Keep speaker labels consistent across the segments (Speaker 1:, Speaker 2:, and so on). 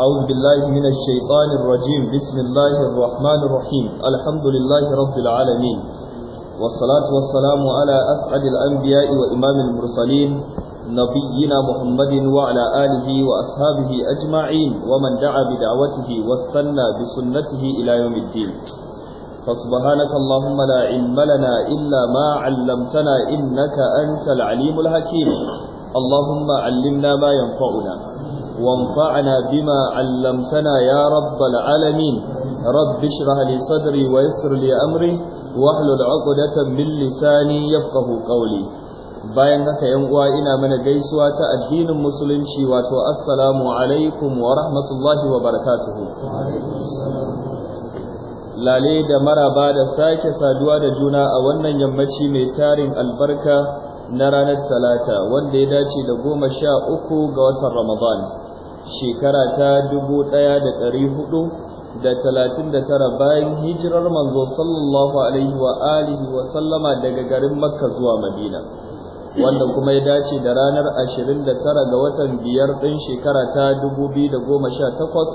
Speaker 1: أعوذ بالله من الشيطان الرجيم بسم الله الرحمن الرحيم الحمد لله رب العالمين والصلاة والسلام على أسعد الأنبياء وإمام المرسلين نبينا محمد وعلى آله وأصحابه أجمعين ومن دعا بدعوته واستنى بسنته إلى يوم الدين فسبحانك اللهم لا علم لنا إلا ما علمتنا إنك أنت العليم الحكيم اللهم علمنا ما ينفعنا وانفعنا بما علمتنا يا رب العالمين رب اشرح لي صدري ويسر لي أمري واحلل عقدة من لساني يفقه قولي
Speaker 2: bayan haka yan uwa ina mana gaisuwa ta addinin musulunci wato assalamu alaikum wa rahmatullahi wa barakatuhu
Speaker 1: lale da maraba da sake saduwa da juna a wannan yammaci mai tarin albarka na ranar talata wanda ya dace da goma sha uku ga watan ramadan shekara ta dubu ɗaya da ɗari hudu da talatin da tara bayan hijirar manzo sallallahu alaihi wa alihi wa sallama daga garin makka zuwa madina wanda kuma ya dace da ranar ashirin da tara ga watan biyar ɗin shekara ta dubu biyu da goma sha takwas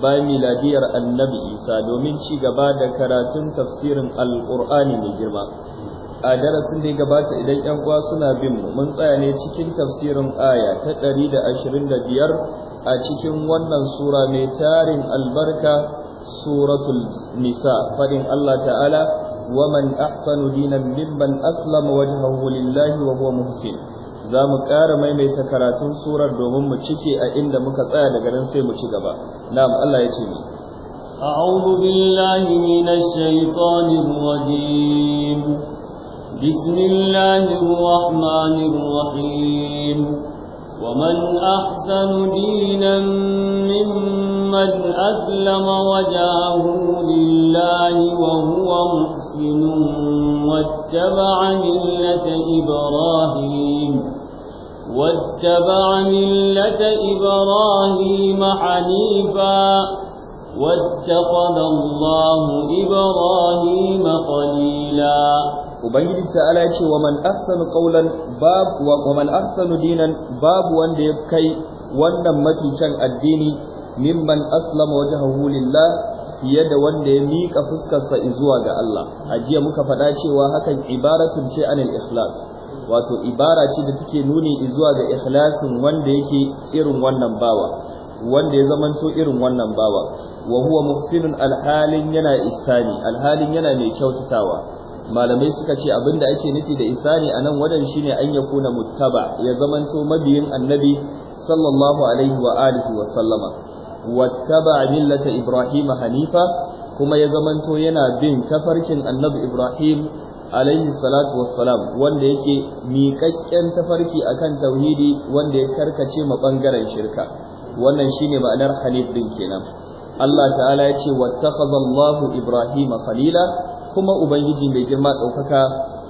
Speaker 1: bayan miladiyar annabi isa domin ci gaba da karatun tafsirin alƙur'ani mai girma a darasin da ya gabata idan yan uwa suna bin mu mun tsaya ne cikin tafsirin aya ta ɗari da da biyar a cikin wannan sura mai tarin albarka suratul nisa fadin Allah ta'ala waman ahsanu dinan mimman aslama wajhahu lillahi wa huwa muhsin za mu ƙara maimaita karatun surar domin mu cike a inda muka tsaya daga nan sai mu ci gaba na'am Allah ya ce mu
Speaker 3: أعوذ بالله من الشيطان الرجيم بسم الله الرحمن الرحيم ومن أحسن دينا ممن أسلم وجهه لله وهو محسن واتبع ملة إبراهيم واتبع ملة إبراهيم حنيفا واتخذ الله إبراهيم خليلا
Speaker 1: ubangiji ta'ala ya ce wa man ahsanu qawlan bab wa man ahsanu dinan babu wanda ya kai wannan mafi kyan addini mimman aslama wajhahu lillah fiye da wanda ya miƙa fuskarsa zuwa ga Allah a jiya muka faɗa cewa hakan ibaratun ce anil ikhlas wato ibara ce da take nuni zuwa ga ikhlasin wanda yake irin wannan bawa wanda ya zamanto irin wannan bawa wa huwa muhsinun alhalin yana isani alhalin yana mai kyautatawa malamai suka ce abinda ake nufi da isani anan wadan shine an ya kuna muttaba ya zamanto mabiyin annabi sallallahu alaihi wa alihi wa sallama wattaba millata ibrahima hanifa kuma ya zamanto yana bin tafarkin annabi ibrahim alaihi salatu wassalam wanda yake miƙaƙƙen tafarki akan tauhidi wanda ya karkace ma bangaren shirka wannan shine ma'anar hanif din kenan Allah ta'ala ya ce wattakhadha Allahu Ibrahima khalila kuma ubangiji mai girma ɗaukaka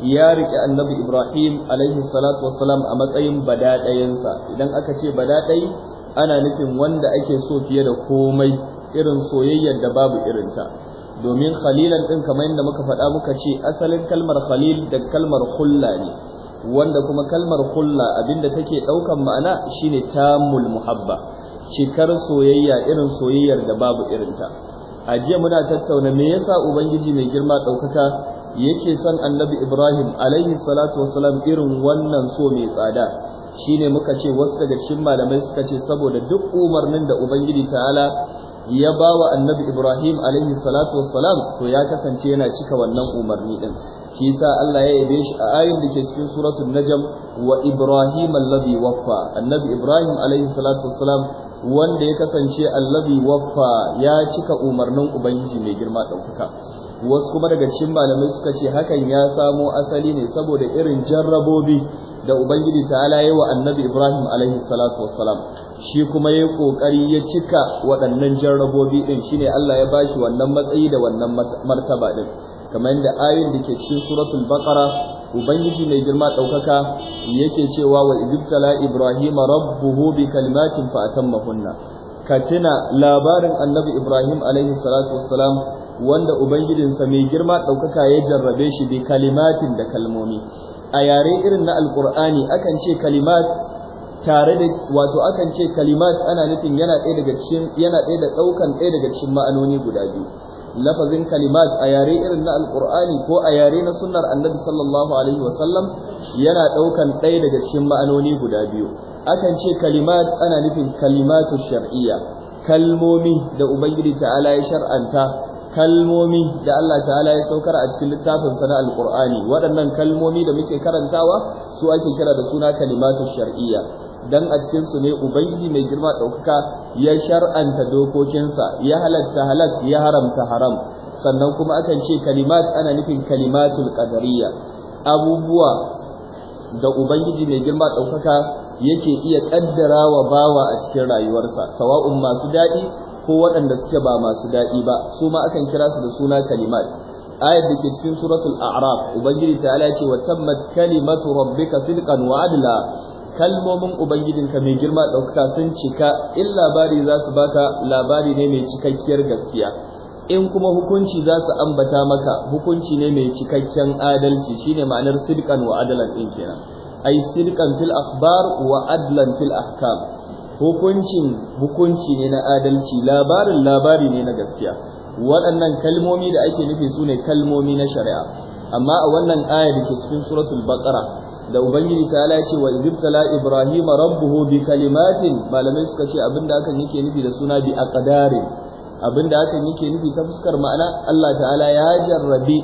Speaker 1: ya riƙe annabi ibrahim alaihi salatu wassalam a matsayin badaɗayansa, idan aka ce badaɗai ana nufin wanda ake so fiye da komai irin soyayyar da babu irinta domin khalilan ɗin kamar yadda muka faɗa muka ce asalin kalmar khalil da kalmar hulla ne wanda kuma kalmar hulla abinda take ɗaukan ma'ana shine tamul muhabba cikar soyayya irin soyayyar da babu irinta a jiya muna tattauna me yasa ubangiji mai girma ɗaukaka yake son annabi ibrahim alaihi salatu wasalam irin wannan so mai tsada shine muka ce wasu daga cikin malamai suka ce saboda duk umarnin da ubangiji ta'ala ya ba wa annabi ibrahim alaihi salatu wasalam to ya kasance yana cika wannan umarni din shi yasa Allah ya yabe shi a ayin da ke cikin suratul najm wa ibrahim alladhi waffa annabi ibrahim alaihi salatu wasalam wanda ya kasance allazi waffa ya cika umarnin ubangiji mai girma ɗaukaka wasu kuma daga cikin malamai suka ce hakan ya samo asali ne saboda irin jarrabobi da ubangiji ta yi wa annabi ibrahim alaihi salatu wassalam shi kuma ya kokari ya cika waɗannan jarrabobi din shine Allah ya bashi wannan matsayi da wannan martaba din kamar yadda ayoyin da ke cikin suratul baqara ubangiji mai girma ɗaukaka yake cewa wa izibtala ibrahima rabbuhu bi kalimatin fa atammahunna ka tuna labarin annabi ibrahim alaihi salatu wassalam wanda ubangijinsa mai girma ɗaukaka ya jarrabe shi bi kalimatin da kalmomi a yare irin na alqur'ani akan ce kalimat tare da wato akan ce kalimat ana nufin yana ɗaya daga cikin yana ɗaya da ɗaukan ɗaya daga cikin ma'anoni guda biyu lafazin kalimat a yare irin na Alkur'ani ko a yare na sunnar annabi sallallahu alaihi wasallam yana ɗaukan ɗaya daga cikin ma'anoni guda biyu akan ce kalimat ana nufin kalimatu shar'iyya kalmomi da ubangiji ta'ala ya shar'anta kalmomi da Allah ta'ala ya saukar a cikin littafin na alqur'ani waɗannan kalmomi da muke karantawa su ake kira da suna kalimatu shar'iyya dan a cikin su ne ubangiji mai girma ɗaukaka ya shar'anta dokokinsa ya halatta halal ya haramta haram sannan kuma akan ce kalimat ana nufin kalimatul qadariyya abubuwa da ubangiji mai girma ɗaukaka yake iya kaddara wa bawa a cikin rayuwarsa sawa'un masu daɗi ko waɗanda suke ba masu daɗi ba su ma akan kira su da suna kalimat ayar da ke cikin suratul a'raf ubangiji ta ce wa tammat kalimatu rabbika sidqan wa adla kalmomin ubangijinka mai girma ɗaukaka sun cika in labari za su baka labari ne mai cikakkiyar gaskiya in kuma hukunci za su ambata maka hukunci ne mai cikakken adalci shine ma'anar sidqan wa adalan din kenan ai sidqan fil akhbar wa adlan fil ahkam hukuncin hukunci ne na adalci labarin labari ne na gaskiya waɗannan kalmomi da ake nufi su ne kalmomi na shari'a amma a wannan ayar da ke cikin suratul baqara da ubangiji ta ce wa izibtala ibrahima rabbuhu bi kalimatin malamai suka ce abinda hakan yake nufi da suna bi aqdari abinda hakan yake nufi ta fuskar ma'ana Allah ta'ala ya jarrabi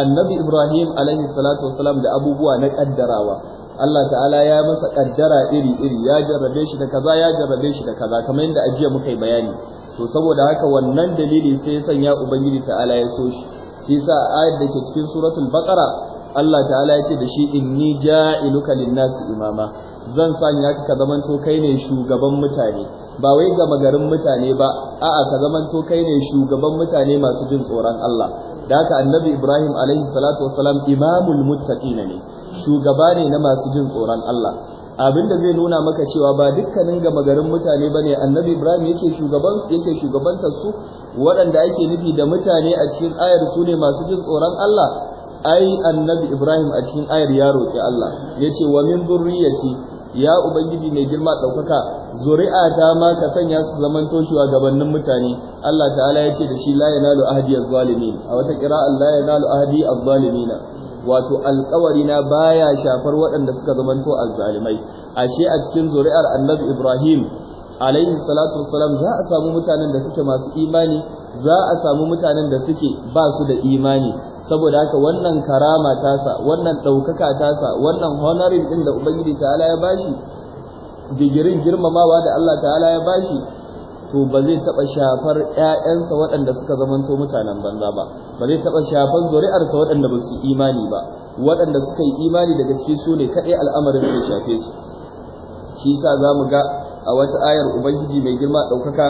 Speaker 1: annabi ibrahim alaihi salatu wasalam da abubuwa na kaddarawa Allah ta'ala ya masa kaddara iri iri ya jarrabe shi da kaza ya jarrabe shi da kaza kamar yadda ajiya muka yi bayani to saboda haka wannan dalili sai ya sanya ubangiji ta'ala ya so shi shi sa ayat da ke cikin suratul baqara Allah ta'ala ya ce da shi inni ja'iluka linnasi imama zan sanya ka ka zamanto kai ne shugaban mutane ba wai ga magarin mutane ba a'a ka zamanto kai ne shugaban mutane masu jin tsoron Allah da haka annabi Ibrahim alaihi salatu wassalam imamul muttaqin ne shugaba ne na masu jin tsoron Allah abin da zai nuna maka cewa ba dukkanin gama garin mutane bane annabi ibrahim yake shugaban yake shugabantar su waɗanda ake nufi da mutane a cikin ayar su ne masu jin tsoron Allah ai annabi ibrahim a cikin ayar ya roƙi Allah ya ce wa min zurriyati ya ubangiji mai girma ɗaukaka zuri'ata ma ka sanya su zaman wa gabanin mutane Allah ta'ala ya ce da shi la yanalu ahdi az-zalimin a wata qira'a la yanalu ahdi az-zalimin wato alƙawari na baya shafar waɗanda suka zamanto azzalimai ashe a cikin zuri'ar annabi ibrahim alaihi salatu wassalam za a samu mutanen da suke masu imani za a samu mutanen da suke ba su da imani saboda haka wannan karama tasa wannan ɗaukaka tasa wannan honorin ɗin da ubangiji ta'ala ya bashi digirin girmamawa da Allah ta'ala ya bashi to ba zai taɓa shafar ‘ya'yansa waɗanda suka zamanto mutanen banza ba ba zai taɓa shafar zuri'arsa waɗanda ba su imani ba waɗanda suka yi imani da gaske su ne kaɗai al'amarin zai shafe su shi sa za mu ga a wata ayar ubangiji mai girma ɗaukaka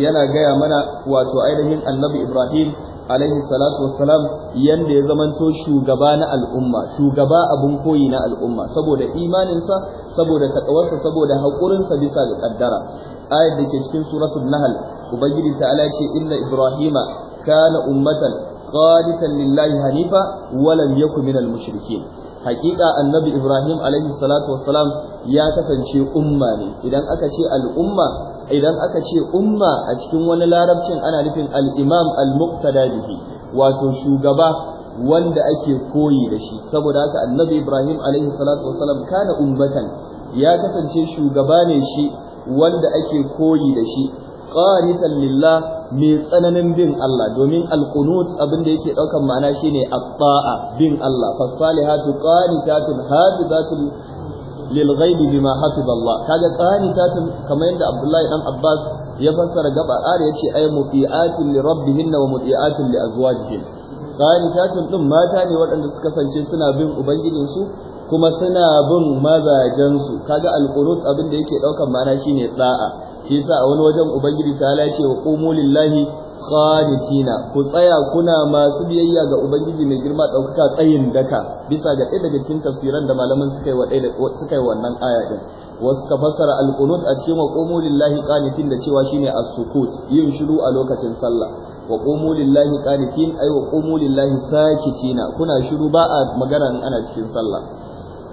Speaker 1: yana gaya mana wato ainihin annabi ibrahim alaihi salatu wassalam yanda ya zamanto shugaba na al'umma shugaba abun koyi na al'umma saboda imaninsa saboda takawarsa saboda haƙurinsa bisa ga kaddara ayat da ke cikin suratul nahl ubangiji ta'ala ce inna ibrahima kana ummatan qanitan lillahi hanifa wa lam yakun minal mushrikeen Haƙiƙa annabi ibrahim alaihi salatu wassalam ya kasance umma ne idan aka ce al'umma idan aka ce umma a cikin wani larabcin ana nufin al-imam al-muqtada bihi wato shugaba wanda ake koyi da shi saboda haka annabi Ibrahim alaihi salatu wasalam kana ummatan ya kasance shugaba ne shi wanda ake koyi da shi qanitan lillah mai tsananin bin Allah domin alqunut abin da yake daukan ma'ana shine at-ta'a bin Allah fasalihatu qanitatun hafizatun lil ghaibi bima hafiz Allah kaga qanitatin kamar yadda Abdullahi dan Abbas ya fassara gaba ar yace ay muti'atin li rabbihinna wa muti'atin li azwajihin qanitatin din mata ne waɗanda suka sance suna bin ubangijinsu kuma suna bin mazajensu kaga alqunut abin da yake daukan mana shine da'a shi yasa a wani wajen ubangiji ta lace wa qumu lillahi qanitina ku tsaya kuna masu biyayya ga ubangiji mai girma ɗaukaka tsayin daka bisa ga ɗaya daga cikin tafsiran da malaman suka yi wa suka yi wannan aya din wasu ka fassara alqunut a cikin wa qumu lillahi qanitin da cewa shine as-sukut yin shiru a lokacin sallah wa qumu lillahi qanitin ay wa qumu lillahi sakitina kuna shiru ba a magana ana cikin sallah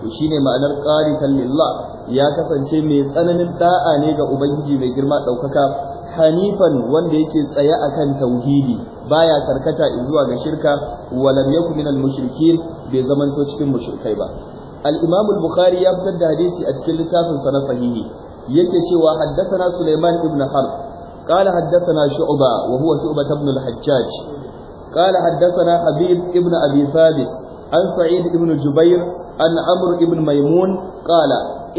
Speaker 1: to shine ma'anar qanitan lillah ya kasance mai tsananin da'a ne ga ubangiji mai girma ɗaukaka hanifan wanda yake tsaye akan tauhidi baya karkata zuwa ga shirka wa lam minal mushrikin bai zamanto cikin mushrikai ba al-imam al-bukhari ya fitar da hadisi a cikin littafin sa na sahihi yake cewa haddathana sulaiman ibn harb قال حدثنا شعبة وهو شعبة بن الحجاج قال حدثنا حبيب ابن أبي ثابت عن سعيد بن جبير عن عمرو بن ميمون قال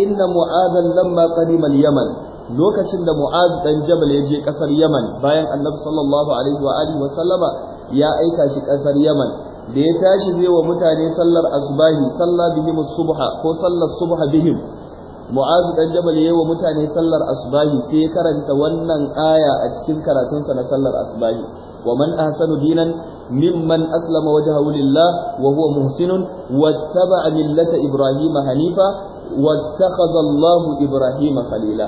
Speaker 1: إن معاذا لما قدم اليمن lokacin da Mu'az dan Jabal ya je kasar Yaman bayan Annabi sallallahu alaihi wa alihi wa sallama ya aika shi kasar Yaman da ya tashi zai wa mutane sallar asbahi salla bihim subha ko sallar subha bihim Mu'az dan Jabal ya yi wa mutane sallar asbahi sai ya karanta wannan aya a cikin karatunsa na sallar asbahi ومن أحسن دينا ممن أسلم وجهه لله وهو محسن واتبع ملة إبراهيم حنيفا واتخذ الله إبراهيم خليلا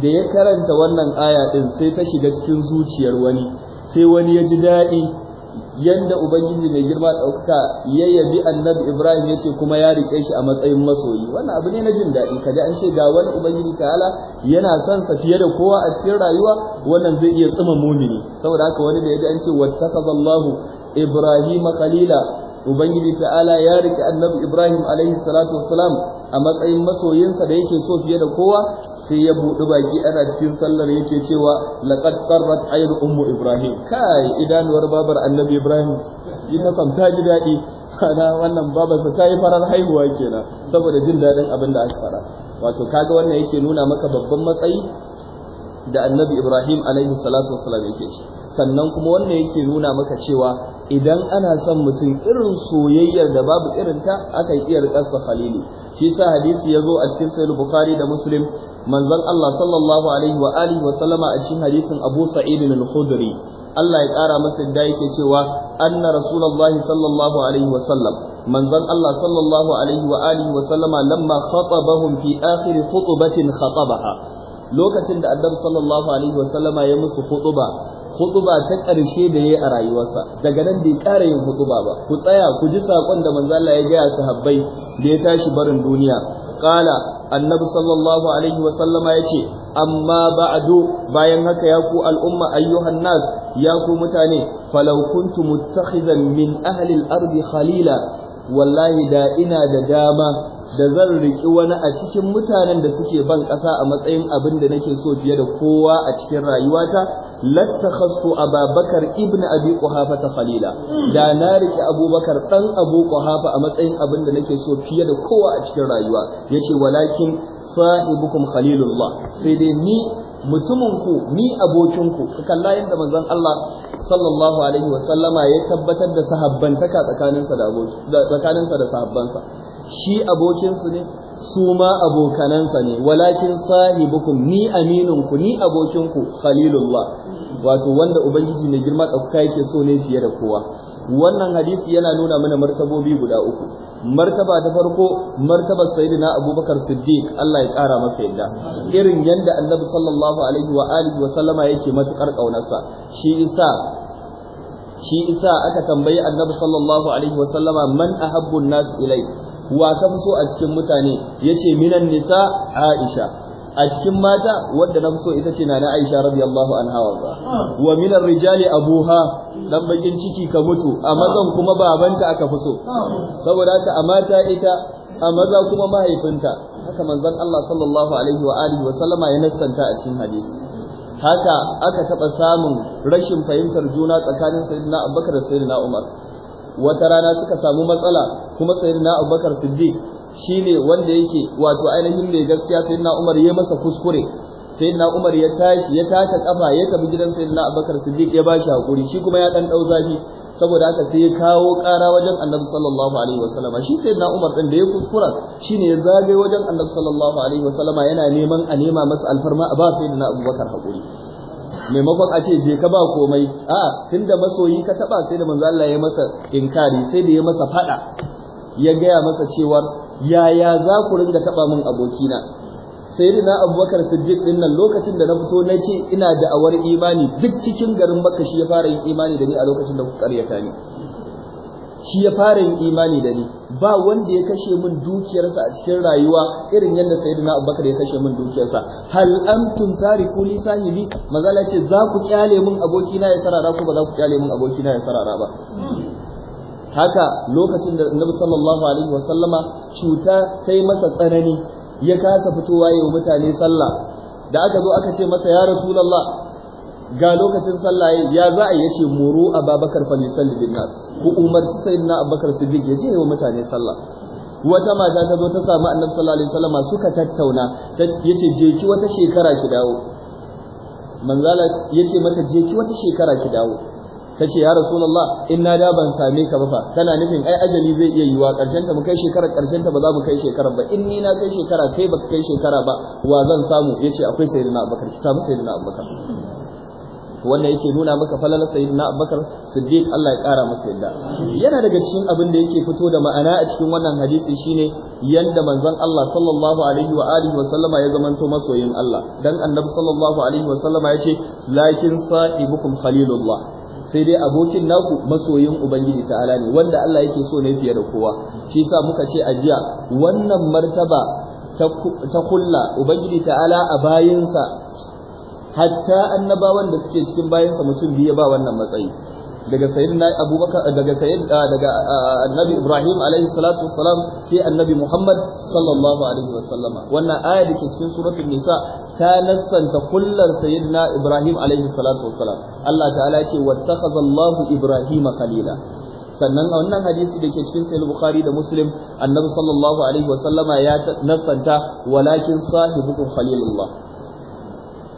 Speaker 1: da ya karanta wannan aya din sai ta shiga cikin zuciyar wani sai wani ya ji daɗi yadda ubangiji mai girma ɗaukaka ya yabi annabi ibrahim ya ce kuma ya rike shi a matsayin masoyi wannan abu ne na jin daɗi kaji an ce ga wani ubangiji ta'ala yana son sa fiye da kowa a cikin rayuwa wannan zai iya tsima mumini saboda haka wani da ya ji an ce wattakhadallahu ibrahima khalila ubangiji ta'ala ya rike annabi ibrahim alaihi salatu wassalam a matsayin masoyinsa da yake so fiye da kowa sai ya buɗi baki ana cikin sallar yake cewa laqad qarrat ayn ummu ibrahim kai idanuwar babar annabi ibrahim ita na ji daɗi ana wannan babarsa ta yi farar haihuwa kenan saboda jin daɗin abin da aka fara? wato kaga wannan yake nuna maka babban matsayi da annabi ibrahim alaihi salatu wassalam yake ci sannan kuma wannan yake nuna maka cewa idan ana son mutum irin soyayyar da babu irinta akan iya rikarsa khalili shi sa hadisi ya zo a cikin sahih bukhari da muslim manzon Allah sallallahu alaihi wa alihi wa sallama a cikin hadisin Abu Sa'id al-Khudri Allah ya ƙara masa da yake cewa anna rasulullahi sallallahu alaihi wa sallam manzon Allah sallallahu alaihi wa alihi wa sallama lamma khatabahum fi akhir khutbatin khatabaha lokacin da annabi sallallahu alaihi wa sallama ya musu khutba hutuba ta ƙarshe da yayi a rayuwarsa daga nan bai ƙara yin hutuba ba ku tsaya ku ji sakon da manzo Allah ya ga ya sahabbai da ya tashi barin duniya qala annabi sallallahu alaihi wa sallama yace amma ba'du bayan haka ya ku al'umma ayyuhan nas ya ku mutane falau kuntu muttakhizan min ahli al-ardi khalila wallahi da ina da dama da zan riki wani a cikin mutanen da suke ban ƙasa a matsayin abin da nake so fiye da kowa a cikin rayuwata lattakhastu ababakar ibn abi quhafa ta khalila da na rike abubakar dan abu quhafa a matsayin abin da nake so fiye da kowa a cikin rayuwa yace walakin sahibukum khalilullah sai dai ni mutumin ku ni abokinku ku kalla yadda manzon Allah sallallahu alaihi wa sallama ya tabbatar da sahabbantaka tsakaninsa da abokin tsakaninsa da sahabbansa shi abokinsu ne su ma abokanansa ne walakin sahibukum ni aminunku ni abokinku khalilullah wato wanda ubangiji mai girma ɗauka yake so ne fiye da kowa wannan hadisi yana nuna mana martabobi guda uku martaba ta farko martabar sayyidina abubakar siddiq Allah ya kara masa yadda irin yanda annabi sallallahu alaihi wa alihi wa sallama yake matukar kaunarsa shi isa shi isa aka tambayi annabi sallallahu alaihi wa sallama man ahabbun nas ilai wa ka fi so a cikin mutane ya ce minan nisa aisha a cikin mata wadda na fi so ita ce na na aisha radiyallahu anha ba. wa minan rijali abuha dan bakin ciki ka mutu a mazan kuma babanta aka fi so saboda ta, a mata ita a maza kuma mahaifinta haka manzon Allah sallallahu alaihi wa alihi wa sallama ya nassanta a cikin hadisi haka aka taɓa samun rashin fahimtar juna tsakanin sayyidina abubakar da sayyidina umar wata rana suka samu matsala kuma sayyidina Abubakar Siddiq shine wanda yake wato ainihin ne gaskiya sayyidina Umar ya masa kuskure sayyidina Umar ya tashi ya taka kafa ya tafi gidan sayyidina Abubakar Siddiq ya bashi hakuri shi kuma ya dan dau zafi saboda haka sai ya kawo ƙara wajen Annabi sallallahu alaihi wasallam shi sayyidina Umar din da ya kuskura shine ya zagaye wajen Annabi sallallahu alaihi wasallama yana neman a nema masa alfarma a ba sayyidina Abubakar hakuri maimakon a ce je ka ba komai a da masoyi ka taba sai da manzo Allah ya masa inkari sai da ya masa fada ya gaya masa cewa yaya za ku ringa taba min abokina sayyidina abubakar siddiq din nan lokacin da na fito na ce ina da awar imani duk cikin garin makka shi ya fara yin imani da ni a lokacin da ku karyata ni shi ya fara yin imani da ni ba wanda ya kashe min dukiyarsa a cikin rayuwa irin yadda sayyidina abubakar ya kashe min dukiyarsa hal tari tariku li sahibi mazala ce za ku kyale min abokina ya sarara ko ba za ku kyale min abokina ya sarara ba haka lokacin da annabi sallallahu alaihi wa sallama cuta kai masa tsanani ya kasa fitowa yau mutane sallah da aka zo aka ce masa ya rasulullah ga lokacin sallah ya za a yace muru ababakar fa yusalli bin nas ku umarci sayyidina abubakar siddiq ya je wa mutane sallah wata mata ta zo ta samu annabi sallallahu alaihi wasallam suka tattauna yace je ki wata shekara ki dawo manzala yace mata je ki wata shekara ki dawo tace ya rasulullah in na da ban same ka ba fa kana nufin ai ajali zai iya yiwa karshen ta mu kai shekarar karshen ta ba za mu kai shekarar ba in ni na kai shekara kai baka kai shekara ba wa zan samu yace akwai sayyidina abubakar ki samu sayyidina abubakar wannan yake nuna maka falalar sayyidina Abubakar Siddiq Allah ya kara masa yadda yana daga cikin abin da yake fito da ma'ana a cikin wannan hadisi shine yanda manzon Allah sallallahu alaihi wa alihi wa sallama ya zamanto masoyin Allah dan annabi sallallahu alaihi wa sallama yace lakin sahibukum khalilullah sai dai abokin naku masoyin ubangiji ta'ala ne wanda Allah yake so ne fiye da kowa shi yasa muka ce a jiya wannan martaba ta kulla ubangiji ta'ala a bayinsa hatta annabawan da suke cikin bayansa mutum biyu ba wannan matsayi daga sayyidina abubakar daga sayyid ah, daga ah, annabi ibrahim alaihi salatu wassalam sai annabi muhammad sallallahu alaihi wasallama wannan aya da ke cikin suratul nisa ta nassanta kullar sayyidina ibrahim alaihi salatu wassalam allah ta'ala ce wattakhadha allah ibrahima khalila sannan a wannan hadisi da ke cikin sahih bukhari da muslim annabi sallallahu alaihi wasallama ya nassanta walakin sahibukum khalilullah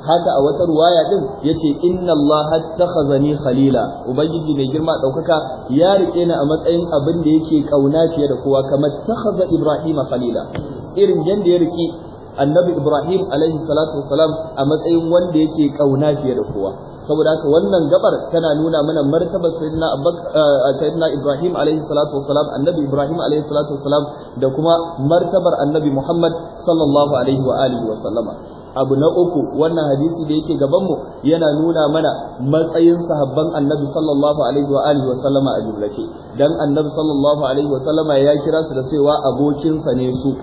Speaker 1: haka a wata ruwaya din yace inna allaha takhazani khalila ubangiji mai girma daukaka ya rike ni a matsayin abin da yake kauna fiye da kowa kamar takhaza ibrahima khalila irin yanda ya rike annabi ibrahim alaihi salatu wassalam a matsayin wanda yake kauna fiye da kowa saboda haka wannan gabar tana nuna mana martaba sayyidina abbas eh, sayyidina ibrahim alaihi salatu wassalam annabi ibrahim alaihi salatu wassalam da kuma martabar annabi muhammad sallallahu alaihi wa alihi wa sallama abu na uku wannan hadisi da yake gaban mu yana nuna mana matsayin sahabban annabi sallallahu alaihi wa alihi wa sallama a jumlace dan annabi sallallahu alaihi wa sallama ya kira su da cewa abokinsa ne su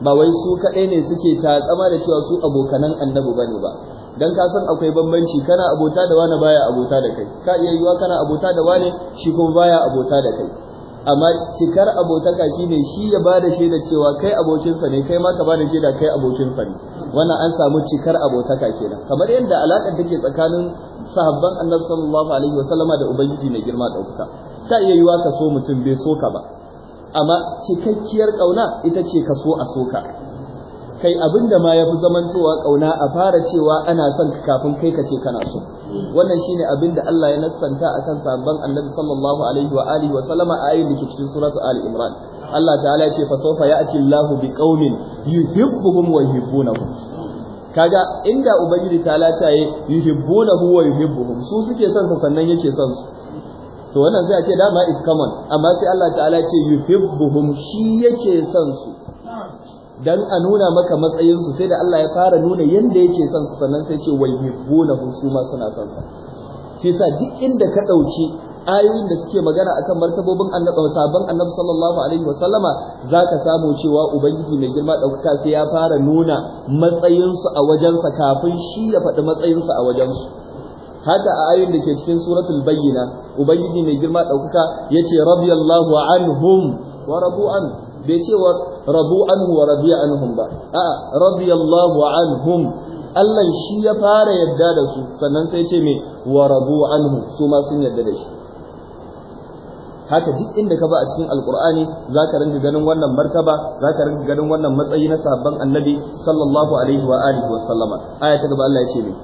Speaker 1: ba wai su kadai ne suke tsama da cewa su abokanan annabi bane ba dan ka san akwai bambanci kana abota da wani baya abota da kai ka iya yiwa kana abota da wani shi kuma baya abota da kai amma cikar abotaka shine shi ya bada shaida cewa kai abokinsa ne kai ma ka bada shaida kai abokinsa ne wannan an samu cikar abotaka kenan kamar yadda alaƙar take tsakanin sahabban annabi sallallahu alaihi sallama da ubangiji mai girma ɗaukaka ta iya yiwa ka so mutum bai soka ba amma cikakkiyar ƙauna ita ce ka so a soka. kai abinda ma ya zaman zamantowa ƙauna a fara cewa ana son ka kafin kai ka ce kana so wannan shine abinda Allah ya nassanta akan sabon Annabi sallallahu alaihi wa alihi wa sallama a ayin ke cikin suratu Ali Imran Allah ta'ala ya ce fa sawfa ya'ti Allahu biqaumin yuhibbuhum wa yuhibbunahu kaga inda ubangiji ta yi yuhibbunahu wa yuhibbuhum su suke son sa sannan yake son su to wannan sai a ce dama is common amma sai Allah ta'ala ce yuhibbuhum shi yake son su dan a nuna maka matsayinsu sai da Allah ya fara nuna yadda yake son su sannan sai ce wai na su ma suna son sa shi yasa duk inda ka dauki ayoyin da suke magana akan martabobin annabi sabon annabi sallallahu alaihi wa sallama zaka samu cewa ubangiji mai girma dauka sai ya fara nuna matsayinsu a wajensa kafin shi ya faɗi matsayinsu a wajensu haka a ayoyin da ke cikin suratul bayyina ubangiji mai girma daukaka yace radiyallahu anhum wa rabu an bai ce wa rabu anhu wa radiya anhum ba a'a radiyallahu anhum Allah shi ya fara yadda da su sannan sai ce me wa radu anhu su ma sun yadda da shi haka duk inda ka ba a cikin alkur'ani za ka rinka ganin wannan martaba za ka rinka ganin wannan matsayi na sabon annabi sallallahu alaihi wa alihi wa sallama aya ta gaba Allah ya ce me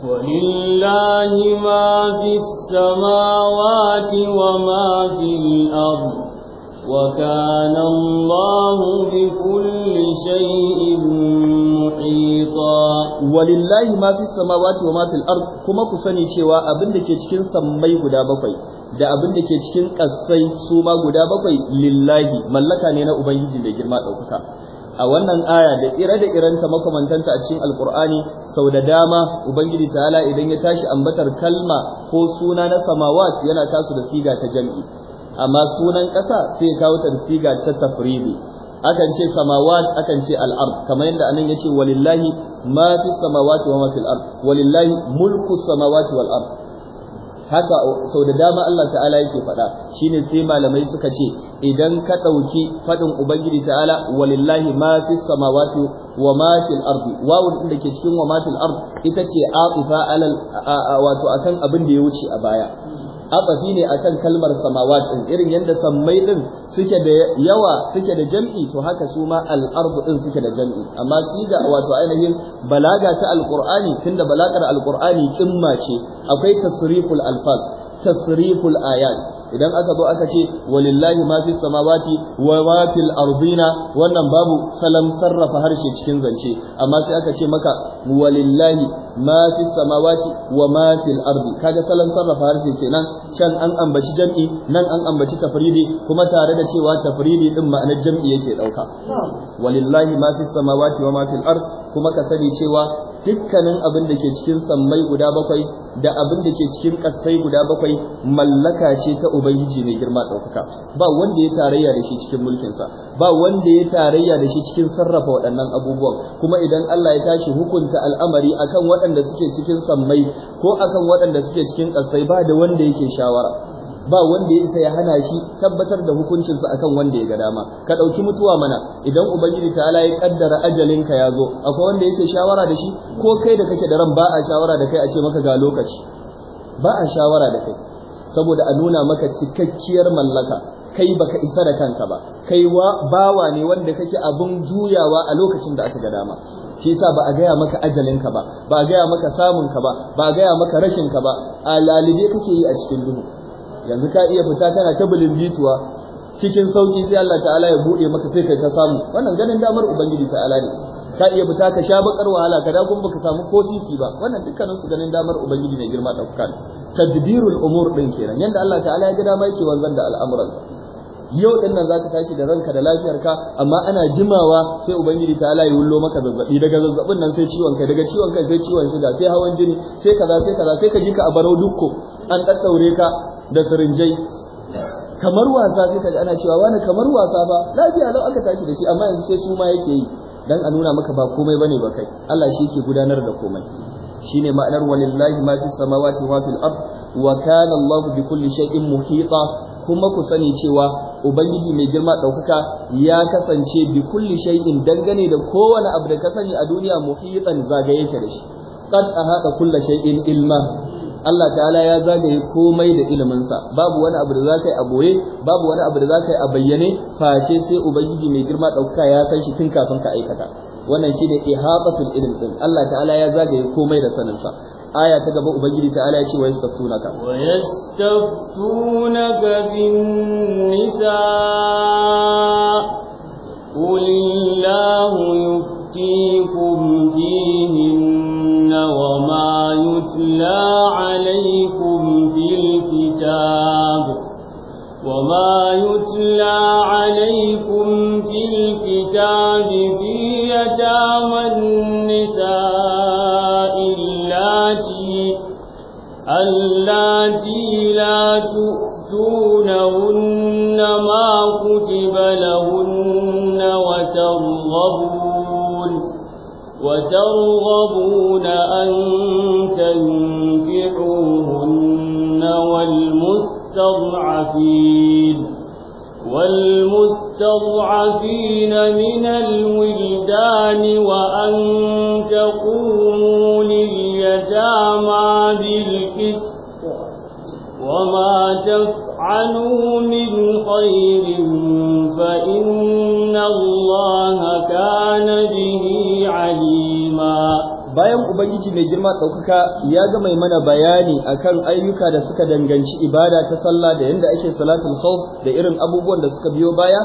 Speaker 3: ولله ما في السماوات وما في الأرض وكان الله بكل شيء محيطا
Speaker 1: ولله ما في السماوات وما في الارض كما كسني cewa abin da ke cikin sammai guda bakwai da abin da ke cikin ƙasai su ma guda bakwai lillahi mallaka ne na ubangiji da girma ɗaukaka a wannan aya da ire da ta makamantanta a cikin alkur'ani sau da dama ubangiji ta'ala idan ya tashi ambatar kalma ko suna na samawat yana tasu da siga ta jam'i amma sunan ƙasa sai ya kawo siga ta tafridi akan ce samawat akan ce al'ard kamar yadda anan yace walillahi ma fi samawati wa ma fil ard walillahi mulku samawati wal ard haka sau da dama Allah ta'ala yake faɗa shine sai malamai suka ce idan ka ɗauki faɗin ubangiji ta'ala walillahi ma fi samawati wa ma fil ard wawun da ke cikin wa ma fil ard ita ce aqifa alal wato akan abin da ya wuce a baya abafi ne akan kalmar samawat din irin yadda sammai din suke da yawa suke da jam'i to haka su ma al din suke da jam'i amma siga wato ainihin balaga ta alqur'ani tunda balagar alqur'ani kimma ce akwai tasriful alfaz tasriful ayat idan aka zo aka ce walillahi ma fis samawati wa ma fil ardina wannan babu salam sarrafa harshe cikin zance amma sai aka ce maka walillahi ma fis samawati wa ma fil ardi kaga salam sarrafa harshe kenan can an ambaci jam'i nan an ambaci tafridi kuma tare da cewa tafridi din ma'anar jam'i yake dauka walillahi ma fis samawati wa ma fil ard kuma ka sani cewa dukkanin abin da ke cikin sammai guda bakwai da abin da ke cikin kasai guda bakwai mallaka ce ta ubangiji mai girma ɗaukaka ba wanda ya tarayya da shi cikin mulkinsa ba wanda ya tarayya da shi cikin sarrafa waɗannan abubuwan kuma idan Allah ya tashi hukunta al'amari akan waɗanda suke cikin sammai ko akan waɗanda suke cikin ƙasai ba da wanda yake shawara ba wanda ya isa ya hana shi tabbatar da hukuncinsa akan wanda ya ga dama ka ɗauki mutuwa mana idan ubangiji ala ya kaddara ajalinka ya zo akwai wanda yake shawara da shi ko kai da kake da ran ba a shawara da kai a ce maka ga lokaci ba a shawara da kai saboda a nuna maka cikakkiyar mallaka kai baka isa da kanka ba kai wa bawa ne wanda kake abun juyawa a lokacin da aka ga dama shi yasa ba a gaya maka ajalinka ba ba a gaya maka samunka ba ba a gaya maka rashinka ba a lalibe kake yi a cikin duhu yanzu ka iya fita kana ta bituwa cikin sauki sai Allah ta'ala ya buɗe maka sai kai ka samu wannan ganin damar ubangiji ta'ala ne ka iya buta ka sha bakar wahala ka da kun baka samu ko sisi ba wannan dukkanin su ganin damar ubangiji mai girma dauka tadbirul umur din kenan yanda Allah ta'ala ya ga dama yake wanzan da al'amuransa yau din nan zaka tashi da ranka da lafiyarka amma ana jimawa sai ubangiji ta ya wullo maka zazzabi daga zazzabin nan sai ciwon kai daga ciwon kai sai ciwon shiga sai hawan jini sai kaza sai kaza sai ka ji ka a dukko an daddaure ka da sirinjai kamar wasa sai kaji ana cewa wani kamar wasa ba lafiya lau aka tashi da shi amma yanzu sai su ma yake yi dan a nuna maka ba komai bane ba kai Allah shi ke gudanar da komai shine ma'anar walillahi ma fis samawati wa fil ard wa kana Allah bi kulli shay'in muhita kuma ku sani cewa ubangiji mai girma ɗaukaka ya kasance bi kulli shay'in dangane da kowane abu da ka sani a duniya muhitan zagaye yake da shi qad ahata kulli shay'in ilma Allah ta'ala ya zagaye komai da iliminsa babu wani abu da za ka a boye babu wani abu da za ka yi a bayyane face sai ubangiji mai girma ɗauka ya san shi tun kafin ka aikata wannan shi shine ihatatul ilm din Allah ta'ala ya zagaye komai da saninsa aya ta gaba ubangiji ta'ala ya ce wa yastaftunaka wa
Speaker 3: yastaftunaka bin nisa qulillahu yuftikum fihi يتلى عليكم في الكتاب وما يتلى عليكم في الكتاب في يتامى النساء اللاتي اللاتي لا تؤتونهن ما كتب لهن وترغبون وترغبون أن تنكحوا فانكحوهن والمستضعفين والمستضعفين من الولدان وأن تقوموا لليتامى بالكسر وما تفعلوا من خير فإن bayan
Speaker 1: ubangiji mai girma ɗaukaka ya ga mai mana bayani akan ayyuka da suka danganci ibada ta sallah da yadda ake salatul khawf da irin abubuwan da suka biyo baya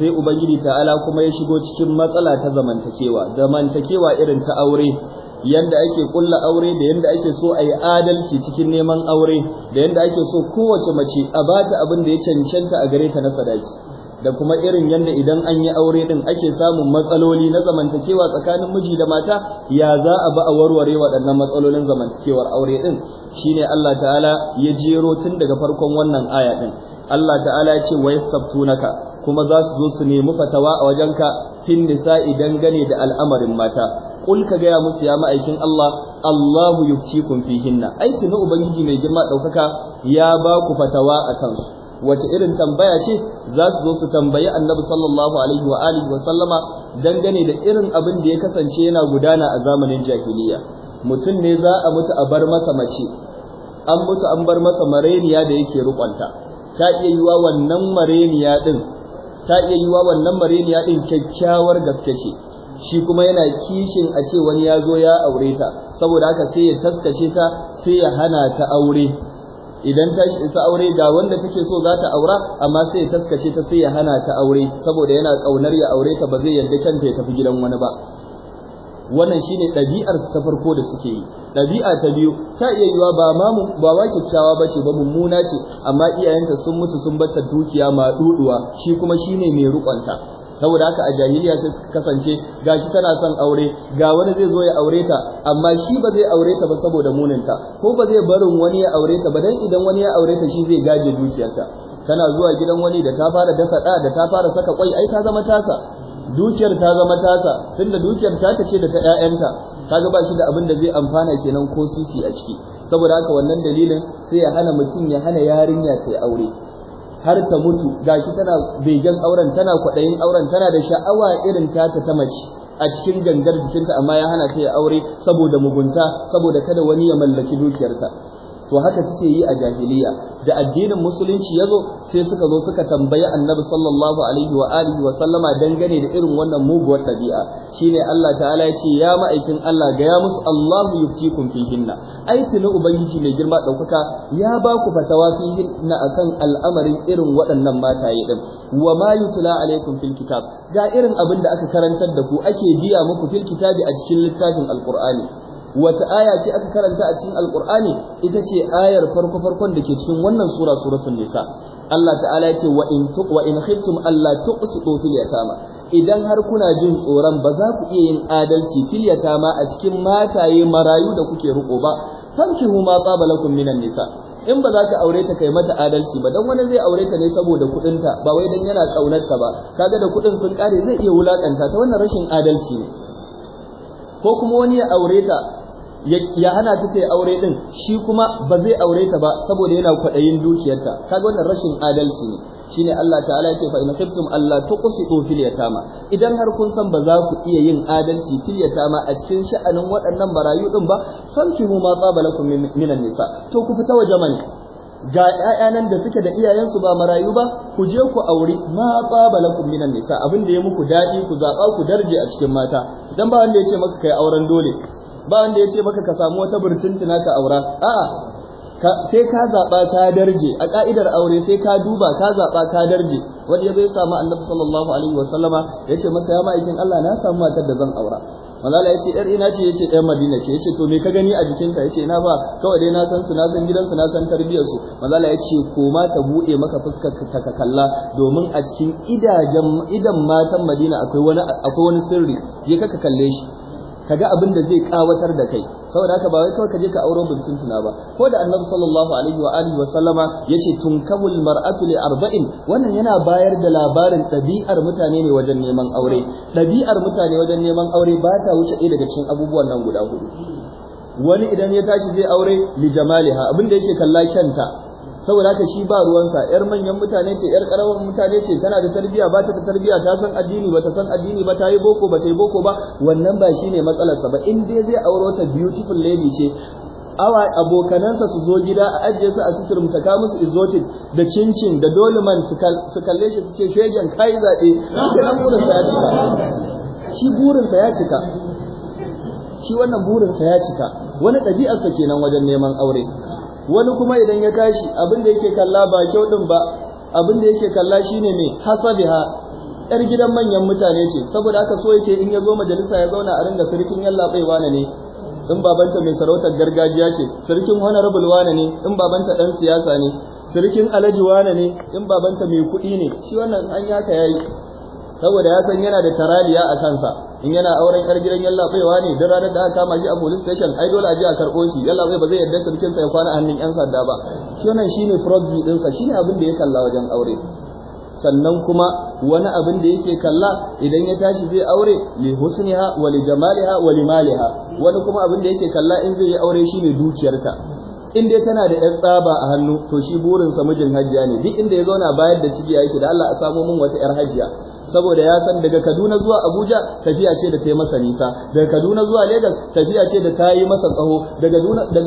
Speaker 1: sai ubangiji ta'ala kuma ya shigo cikin matsala ta zamantakewa zamantakewa irin ta aure yadda ake kulla aure da yadda ake so a yi adalci cikin neman aure da yadda ake so kowace mace a bata abin da ya cancanta a gare ta na sadaki da kuma irin yadda idan an yi aure din ake samun matsaloli na zamantakewa tsakanin miji da mata ya za a ba a warware waɗannan matsalolin zamantakewar aure din shine Allah ta'ala ya jero tun daga farkon wannan aya din Allah ta'ala ya ce wa ka, kuma za su zo su nemi fatawa a wajenka fin idan gane da al'amarin mata kul ka gaya musu ya ma'aikin Allah Allahu yuftikum fihinna na ubangiji mai girma ɗaukaka ya ba ku fatawa a kansu wace irin tambaya ce za su zo su tambayi annabi sallallahu alaihi wa alihi wa sallama dangane da irin abin da ya kasance yana gudana a zamanin jahiliya mutum ne za a mutu a bar masa mace an mutu an bar masa mareniya da yake rukunta ta iya yiwa wannan mareniya din ta iya yiwa wannan mareniya din kyakkyawar gaske ce shi kuma yana kishin a ce wani ya zo ya aure ta saboda haka sai ya taskace ta sai ya hana ta aure idan ta isa aure ga wanda take so za ta aura amma sai ya taskace ta sai ya hana ta aure saboda yana kaunar ya aure ta ba zai yarda kanta ya tafi gidan wani ba wannan shine ɗabi'ar su ta farko da suke yi ɗabi'a ta biyu ta iya yiwa ba ma ba ma kyakkyawa bace ba mummuna ce amma iyayenta sun mutu sun bata dukiya ma shi kuma shine mai rukunta saboda haka a jahiliya sai suka kasance ga shi tana son aure ga wani zai zo ya aure ta amma shi ba zai aure ta ba saboda muninta ko ba zai barin wani ya aure ta ba dan idan wani ya aure ta shi zai gaje dukiyarta Tana zuwa gidan wani da ta fara dasa da da ta fara saka kwai ai ta zama tasa dukiyar ta zama tasa tunda dukiyar ta ta da ta ƴaƴanta kaga ba shi da abin da zai amfana kenan ko sisi a ciki saboda haka wannan dalilin sai ya hana mutum ya hana yarinya ta aure har ta mutu gashi tana begen auren tana kwaɗayin auren tana da sha'awa irin tata ta mace a cikin gangar jikinta amma ya hana ta ya aure saboda mugunta saboda kada wani ya mallaki dukiyarta to haka suke yi a jahiliya da addinin musulunci yazo sai suka zo suka tambayi annabi sallallahu alaihi wa alihi wa sallama dangane da irin wannan muguwar dabi'a shine Allah ta'ala ya ce ya ma'aikin Allah ga ya musu Allahu yuftikum fihinna ai tuni ubangiji mai girma daukaka ya ba ku fatawa fihinna akan al'amarin irin waɗannan mataye din wa ma yutla alaikum fil kitab ga irin abin da aka karantar da ku ake biya muku fil kitabi a cikin littafin alqur'ani wace aya ce aka karanta a cikin alqur'ani ita ce ayar farko farkon da ke cikin wannan sura suratul nisa Allah ta'ala ya ce wa in tuq wa in khiftum alla tuqsitu fil yatama idan har kuna jin tsoron ba za ku iya yin adalci fil yatama a cikin mataye marayu da kuke riko ba fankihu ma tsaba lakum minan nisa in ba za ka aure ta kai mata adalci ba dan wani zai aure ta ne saboda ta ba wai dan yana ta ba kaga da kuɗin sun kare zai iya wulakanta ta wannan rashin adalci ne ko kuma wani ya aure ta ya hana ta ta aure din shi kuma ba zai aure ta ba saboda yana kwaɗayin dukiyarta kaga wannan rashin adalci ne shine Allah ta'ala ce fa in khiftum alla tuqsitu fil yatama idan har kun san ba za ku iya yin adalci fil yatama a cikin sha'anin waɗannan marayu din ba fankihu ma tsaba lakum minan nisa to ku fita waje mani ga ƴaƴanan da suke da iyayensu ba marayu ba ku je ku aure ma tsaba minan nisa abin da ya muku daɗi ku zaɓa ku darje a cikin mata dan ba wanda ya ce maka kai auren dole ba wanda ya ce maka ka samu wata burtuntuna ka aura a'a sai ka zaɓa ka darje a ƙa'idar aure sai ka duba ka zaɓa ka darje wanda ya zai samu annabi sallallahu alaihi wa sallama ya ce masa ya ma'aikin Allah na samu matar da zan aura malala ya ce ɗar ina ce ya ce ɗan madina ce ya ce to me ka gani a jikinta ya ce na ba kawai dai na san su na san gidansu na san tarbiyyarsu malala ya ce koma ta buɗe maka fuskar ta ka kalla domin a cikin idan matan madina akwai wani sirri je ka kalle shi ka ga abin da zai kawatar da kai saboda haka ba wai kawai ka je ka auro bincin tuna ba ko da annabi sallallahu alaihi wa alihi wa sallama yace tunkabul mar'atu li arba'in wannan yana bayar da labarin ɗabi'ar mutane ne wajen neman aure ɗabi'ar mutane wajen neman aure ba ta wuce ɗaya daga cikin abubuwan nan guda hudu wani idan ya tashi zai aure li jamaliha abin da yake kalla kyanta saboda haka shi ba ruwansa yar manyan mutane ce yar karamar mutane ce tana da tarbiya ba ta da tarbiya ta san addini ba ta san addini ba ta yi boko ba ta yi boko ba wannan ba shi shine matsalarsa ba in dai zai auro ta beautiful lady ce awa abokanansa su zo gida a ajiye su a sitirin ta ka musu exotic da cincin da doliman su kalle shi su ce shegen kai zaɓe shi burinsa ya cika shi wannan burinsa ya cika wani ɗabi'arsa nan wajen neman aure wani kuma idan ya tashi abin da yake kalla ba kyau din ba abin da yake kalla shine mai hasabi ha. yar gidan manyan mutane ce saboda haka so yake in ya zo majalisa ya zauna a ringa sarkin yalla bai wane ne in babanta mai sarautar gargajiya ce sarkin honorable wane ne in babanta dan siyasa ne sarkin alhaji wane ne in babanta mai kuɗi ne shi wannan an yaka yayi saboda ya san yana da taraliya a kansa in yana auren yar gidan yalla sai ne duk ranar da aka kama shi a police station ai dole a je a karɓo shi yalla sai ba zai yarda sarkin sa ya kwana a hannun yan sanda ba wannan shine proxy din sa shine abin da ya kalla wajen aure sannan kuma wani abin da yake kalla idan ya tashi zai aure li husniha wa li jamaliha wa li maliha wani kuma abin da yake kalla in zai yi aure shine dukiyarta. in dai tana da yar tsaba a hannu to shi burinsa mijin hajiya ne duk inda ya zauna bayar da ciki yake da Allah a samo min wata yar hajiya saboda ya san daga Kaduna zuwa Abuja tafiya ce da ta yi masa nisa daga Kaduna zuwa Lagos tafiya ce da ta yi masa tsaho daga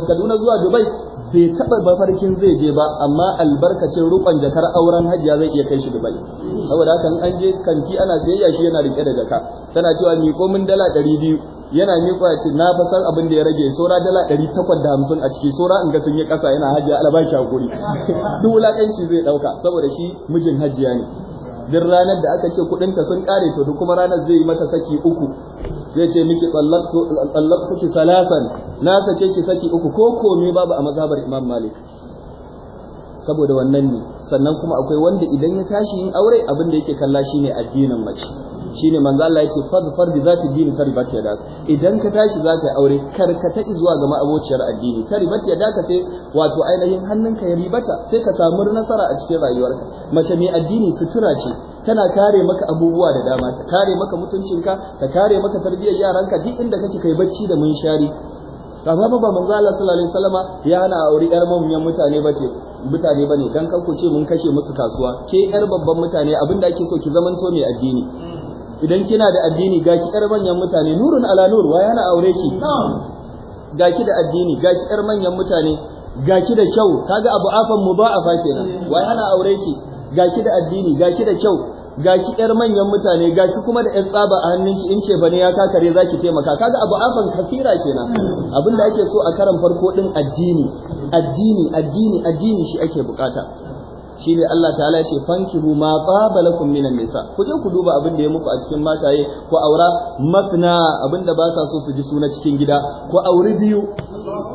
Speaker 1: Kaduna zuwa Dubai bai taɓa mafarkin zai je ba amma albarkacin rukon jakar auren hajiya zai iya kai shi dubai saboda haka an je kanti ana sayayya shi yana rike da jaka tana cewa miƙo min dala ɗari biyu yana miƙo ya ce na fa san abin da ya rage saura dala ɗari takwas da hamsin a ciki saura in ga sun yi ƙasa yana hajiya alabaki hakuri duk wulaƙanci zai ɗauka saboda shi mijin hajiya ne duk ranar da aka ce kuɗinta sun ƙare to duk kuma ranar zai yi mata saki uku zai ce miki tsallabtu ki salasan na sake ki saki uku ko komi babu a mazhabar imam malik saboda wannan ne sannan kuma akwai wanda idan ya tashi yin aure abinda da yake kalla shine addinin mace shine manzo Allah yace fadfar bi zati din taribat yada idan ka tashi zaka yi aure karkata zuwa ga ma'abociyar addini yada ka sai wato ainihin hannunka ya ribata sai ka samu nasara a cikin rayuwarka mace mai addini sutura ce tana kare maka abubuwa da dama ta kare maka mutuncinka ta kare maka tarbiyyar yaranka duk inda kake kai bacci da munshari kaza ba manzo Allah sallallahu alaihi wasallama ya hana aure yar manyan mutane bace mutane bane dan kanku ce mun kashe musu kasuwa ke yar babban mutane abinda ake so ki zaman so mai addini idan kina da addini ga ki yar manyan mutane nurun ala nur wa yana aure ki ga ki da addini ga ki yar manyan mutane ga ki da kyau kaga abu afan mudha'afa kenan wa yana aure ki ga da addini ga da kyau ga ki yar manyan mutane ga kuma da yar tsaba a hannun in ce bane ya kakare zaki taimaka kaga abu afan kafira kenan abin da ake so a karan farko din addini addini addini addini shi ake bukata shine Allah ta'ala ya ce fankihu ma qabalakum minan nisa ku je ku duba abin da ya muku a cikin mataye ku aura masna abin da ba sa so su ji suna cikin gida ku auri biyu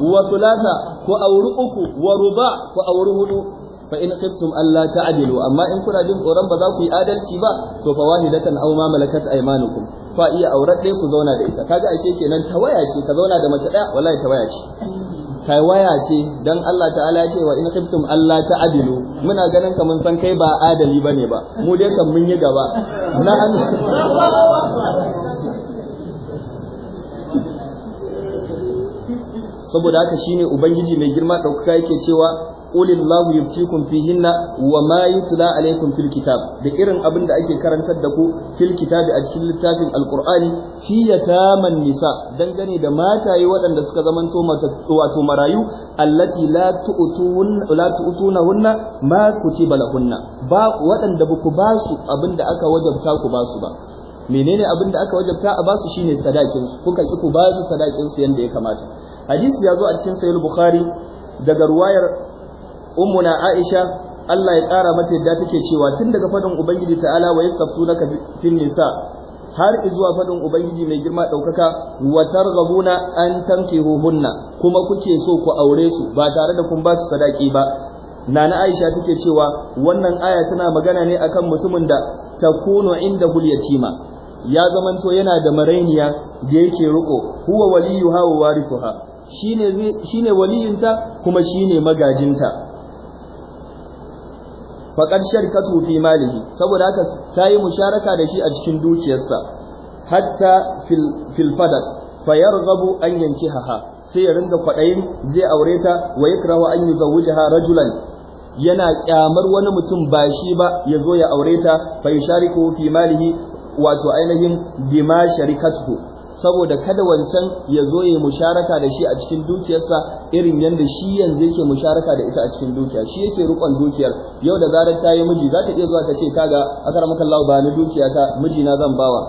Speaker 1: wa thulatha ku auri uku wa ruba ku auri hudu fa in khiftum alla ta'dilu amma in kuna jin tsoron ba za ku yi adalci ba to fa wahidatan aw ma malakat aymanukum fa iya aurar ɗaya ku zauna da ita kaga ashe kenan ta waya ce ka zauna da mace ɗaya wallahi waya ce waya ce dan Allah ta'ala ya ce wa in khiftum alla ta'dilu muna ganin ka mun san kai ba adali bane ba mu dai kan mun yi gaba na an saboda haka shine ubangiji mai girma dauka yake cewa qul illahu yuftikum fihinna wa ma yutla alaikum fil da irin abin da ake karantar da ku fil kitabi a cikin littafin alqur'ani fi yataman nisa dangane da mataye waɗanda suka zamanto wato marayu allati la tu'tun la hunna ma kutiba lahunna ba waɗanda ba ku ba su abin da aka wajabta ku ba su ba menene abin da aka wajabta a basu shine sadakin su kuka ki ku basu sadakin su yanda ya kamata hadisi ya zo a cikin sahih bukhari daga ruwayar ummuna aisha Allah ya ƙara mata yadda take cewa tun daga fadin ubangiji ta'ala wa yastaftunaka fil nisa har zuwa fadin ubangiji mai girma ɗaukaka wa targhabuna an tankihuhunna kuma kuke so ku aure su ba tare da kun ba su sadaki ba nana aisha take cewa wannan aya tana magana ne akan mutumin da ta takunu inda hul yatima ya zamanto yana da marainiya da yake riko huwa waliyuha wa warithuha shine shine waliyinta kuma shine magajinta faqad sharikatu fi malihi saboda haka tayi musharaka da shi a cikin dukiyarsa hatta fil fil fadal fayarghabu an yankihaha sai ya ringa kwadayin zai aure ta wa yakrahu an yuzawwijaha rajulan yana kyamar wani mutum ba shi ba ya zo ya aure ta fa yushariku fi malihi wato ainihin bima sharikatu saboda kada wancan ya zo ya musharaka da shi a cikin dukiyarsa irin yadda shi yanzu yake musharaka da ita a cikin dukiya shi yake rukon dukiyar yau da zarar ta yi miji za ta iya zuwa ta ce kaga akaramaka Allah ba ni dukiya ta mijina zan bawa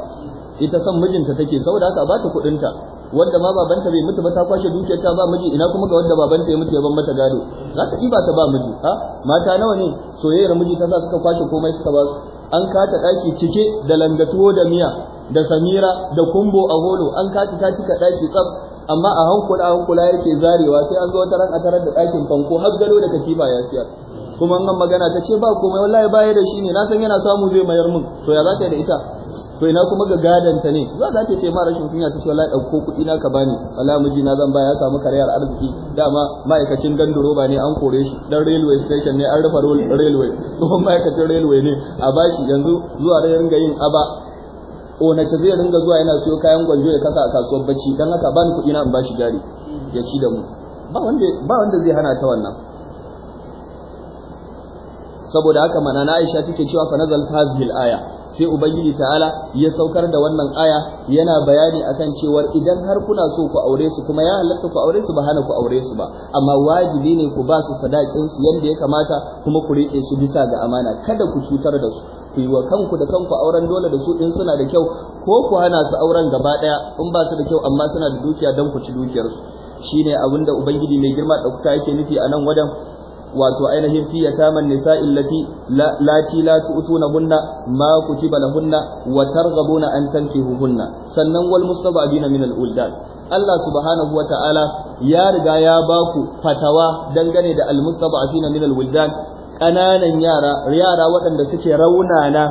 Speaker 1: ita son mijinta take saboda haka ba ta kuɗinta wanda ma babanta bai mutu ba ta kwashe dukiyar ta ba miji ina kuma ga wanda babanta ya mutu ya ban mata gado za ta ɗiba ta ba miji ha mata nawa ne soyayyar miji ta sa suka kwashe komai suka ba su an kata ɗaki cike da langatuwo da miya da samira da kumbo a holo an kata ta cika ɗaki tsaf amma a hankula hankula yake zarewa sai an zo wata ran a tarar da ɗakin fanko har gado da katifa ya siya. kuma an magana ta ce ba komai wallahi baya da shi ne na san yana samu zai mayar mun to ya za yi da ita to ina kuma ga gadanta ne za ta ce ce ma rashin kunya ta ce wallahi dauko kudi na ka bani wallahi miji na zan ba ya samu kariyar arziki dama ma'aikacin ganduro ba ne an kore shi dan railway station ne an rufa railway tsohon ma'aikacin railway ne a bashi yanzu zuwa da ringa yin aba ce zai ringa zuwa yana siyo kayan gwanjo ya kasa a kasuwar bacci dan haka bani kuɗi na in bashi gari. ya ci da mu ba wanda ba wanda zai hana ta wannan saboda haka mana na Aisha take cewa fa nazal hadhihi al-aya sai ubangiji ta'ala ya saukar da wannan aya yana bayani akan cewa idan har kuna so ku aure su kuma ya halatta ku aure su ba hana ku aure su ba amma wajibi ne ku ba su sadakin su yanda ya kamata kuma ku rike su bisa ga amana kada ku cutar da su ku yi wa kanku da kanku auren dole da su in suna da kyau ko ku hana su auren gaba daya in ba su da kyau amma suna da dukiya don ku ci dukiyarsu shine abinda ubangiji mai girma ɗaukaka yake nufi a nan wajen wato ainihin fi taman nisa illati lati la tu'tunahunna ma kutiba lahunna wa targhabuna an hunna, sannan wal mustaba'ina min al-uldan Allah subhanahu wa ta'ala ya riga ya baku fatawa dangane da al-mustaba'ina min al-uldan ƙananan yara yara waɗanda suke raunana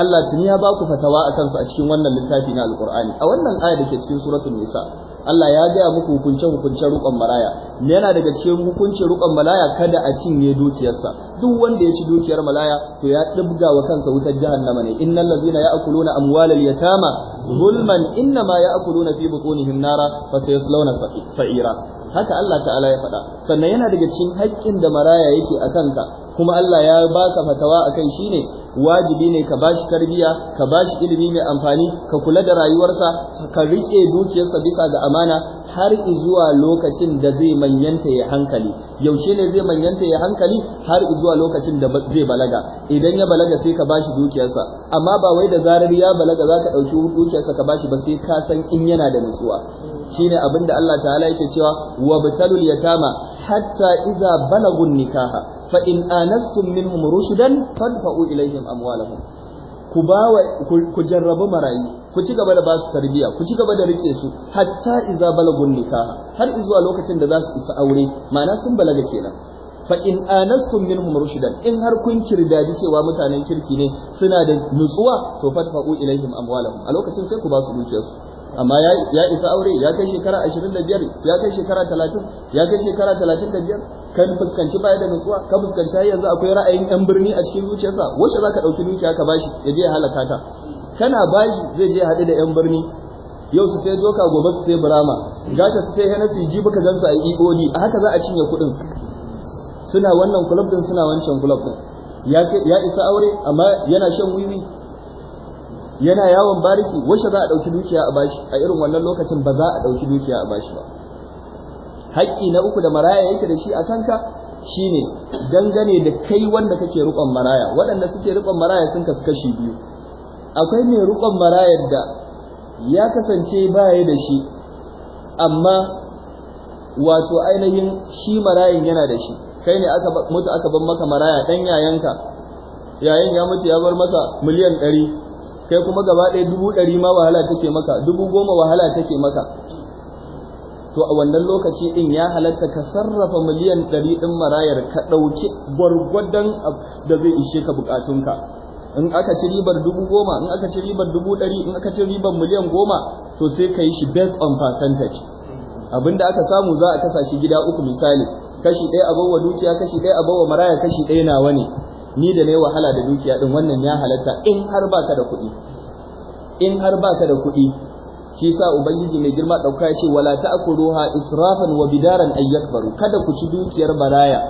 Speaker 1: Allah tuni ya baku fatawa akan su a cikin wannan littafi na Alƙur'ani a wannan aya da ke cikin suratul Nisa Allah ya gaya muku hukunce hukunce rukon maraya yana daga cikin hukuncin rukon malaya kada a cinye dukiyarsa duk wanda ya ci dukiyar malaya to ya dubga wa kansa wutar jahannama ne innal ladzina ya'kuluna amwalal yatama zulman innama ya'kuluna fi butunihim nara fa sayaslawna sa'ira haka Allah ta'ala ya faɗa sannan yana daga cikin haƙƙin da maraya yake a kanka kuma Allah ya baka fatawa akan shi ne wajibi ne ka bashi tarbiya ka bashi ilimi mai amfani ka kula da rayuwarsa ka rike dukiyarsa bisa ga amana har zuwa lokacin da zai manyanta ya hankali yaushe ne zai manyanta ya hankali har zuwa lokacin da zai balaga idan ya balaga sai ka bashi dukiyarsa amma ba wai da zarar ya balaga zaka ɗauki dukiyarsa ka bashi ba sai ka san in yana da nutsuwa shine abin da Allah ta'ala yake cewa wa ya yatama hatta iza balagun nikaha fa in anastum minhum rushdan fadfa'u ilaihim amwalahum ku bawa ku jarrabu marayi ku ci gaba da ba su tarbiya ku ci gaba da rike su hatta iza balagun nikaha har zuwa lokacin da za su isa aure ma'ana sun balaga kenan fa in anastum minhum rushdan in har kun kirdadi cewa mutanen kirki ne suna da nutsuwa to fadfa'u ilaihim amwalahum a lokacin sai ku ba su dukiyarsu amma ya isa aure ya kai shekara 25 ya kai shekara 30 ya kai shekara 35 kan fuskanci baya da nutsuwa ka fuskanci har yanzu akwai ra'ayin yan birni a cikin zuciyarsa wacce za ka dauki dukiya ka bashi ya je ya halaka ta kana bashi zai je haɗu da yan birni yau su sai doka gobe su sai burama gata su sai hennessy ji baka gansu a EOD a haka za a cinye kuɗin suna wannan club din suna wancan club din ya isa aure amma yana shan wiwi yana yawon bariki washe za a ɗauki dukiya a bashi a irin wannan lokacin ba za a ɗauki dukiya a bashi ba haƙƙi na uku da maraya yake da shi a kanka shine dangane da kai wanda kake rukon maraya waɗanda suke rukon maraya sun kasu kashi biyu akwai mai rukon marayar da ya kasance baya da shi amma wato ainihin shi marayin yana da shi kai ne aka mutu aka bar maka maraya ɗan yayanka yayin ya mutu ya bar masa miliyan ɗari kai kuma gaba ɗaya dubu ɗari ma wahala take maka dubu goma wahala take maka to a wannan lokaci ɗin ya halatta ka sarrafa miliyan ɗari ɗin marayar ka ɗauki gwargwadon da zai ishe ka buƙatunka in aka ci ribar dubu goma in aka ci ribar dubu ɗari in aka ci ribar miliyan goma to sai ka yi shi based on percentage abinda aka samu za a kasa shi gida uku misali kashi ɗaya a bawa dukiya kashi ɗaya a bawa maraya kashi ɗaya nawa ne ni da ne wahala da dukiya din wannan ya halatta in har baka da kuɗi in har baka da kuɗi shi sa ubangiji mai girma dauka ya ce wala ta'kuluha israfan wa bidaran ay kada ku ci dukiyar baraya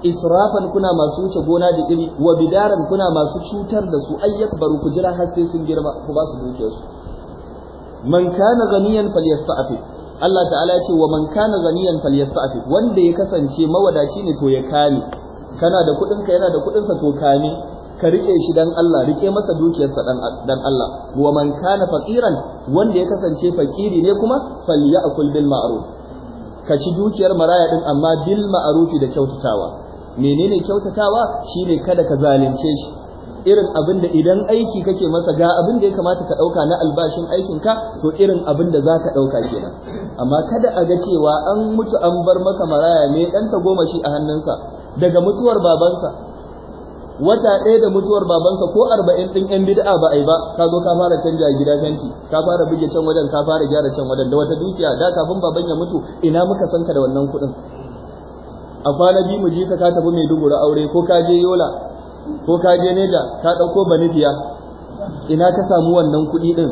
Speaker 1: israfan kuna masu wuce gona da iri wa bidaran kuna masu cutar da su ay yakbaru ku jira har sai sun girma ku ba su dukiyar su man kana ghaniyan falyasta'fi Allah ta'ala ya ce wa man kana ghaniyan falyasta'fi wanda ya kasance mawadaci ne to ya kame kana da ka yana da sa to kani ka rike shi dan Allah rike masa dukiyarsa dan dan Allah wa man kana faqiran wanda ya kasance fakiri ne kuma falyakul bil ma'ruf ka ci dukiyar maraya din amma bil ma'ruf da kyautatawa menene kyautatawa shine kada ka zalunce shi irin abin da idan aiki kake masa ga abin da ya kamata ka ɗauka na albashin aikin ka to irin abin da za ka ɗauka kenan amma kada a ga cewa an mutu an bar maka maraya ne ɗanta ta goma shi a hannunsa daga mutuwar babansa wata ɗaya da mutuwar babansa ko arba'in ɗin yan bid'a ba a yi ba ka zo ka fara canja gida fenti ka fara buge can wajen ka fara gyara can wajen da wata dukiya da kafin baban ya mutu ina muka san ka da wannan kuɗin a kwana biyu mu ji ka ka tafi mai dubura aure ko ka je Yola ko ka je ka ɗauko banifiya ina ka samu wannan kuɗi ɗin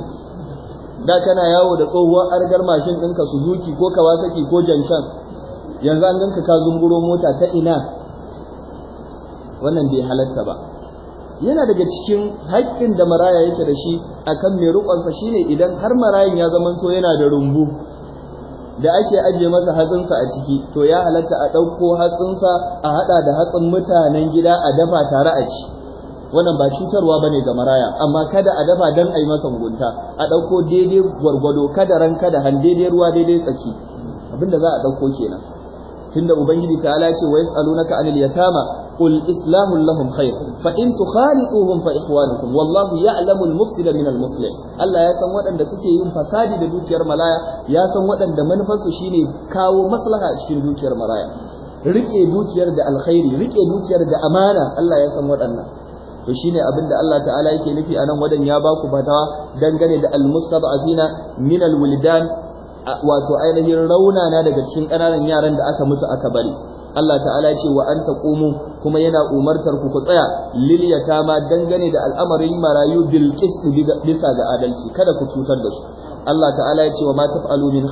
Speaker 1: da kana yawo da tsohuwar argar mashin ɗinka Suzuki ko Kawasaki ko Jancan yanzu an ganka ka zunguro mota ta ina wannan bai halatta ba yana daga cikin haƙƙin da maraya yake da shi akan mai rukonsa shine idan har marayan ya zamanto yana da rumbu da ake ajiye masa hatsinsa a ciki to ya halatta a ɗauko hatsinsa a haɗa da hatsin mutanen gida a dafa tare a ci wannan ba cutarwa ne ga maraya amma kada a dafa dan a yi masa mugunta a ɗauko daidai gwargwado kada ran kada han daidai ruwa daidai tsaki abinda za a ɗauko kenan tunda ubangiji ta'ala ce wa yas'alunaka anil yatama qul islamul lahum khair fa in tukhaliquhum fa ikhwanukum wallahu ya'lamu al-mufsida min al-muslih Allah ya san waɗanda suke yin fasadi da dukiyar malaya ya san waɗanda manufarsu shine kawo maslaha a cikin dukiyar malaya rike dukiyar da alkhairi rike dukiyar da amana Allah ya san waɗannan to shine abin da Allah ta'ala yake nufi anan wadan ya baku fatawa dangane da al-mustad'afina min al-wildan wato ainihin rauna na daga cikin ƙananan yaran da aka mutu aka bari Allah ta'ala ce wa an kuma yana umartar ku ku tsaya lil ma dangane da al'amarin marayu bil bisa ga adalci kada ku cutar da su Allah ta'ala ya ce wa ma taf'alu min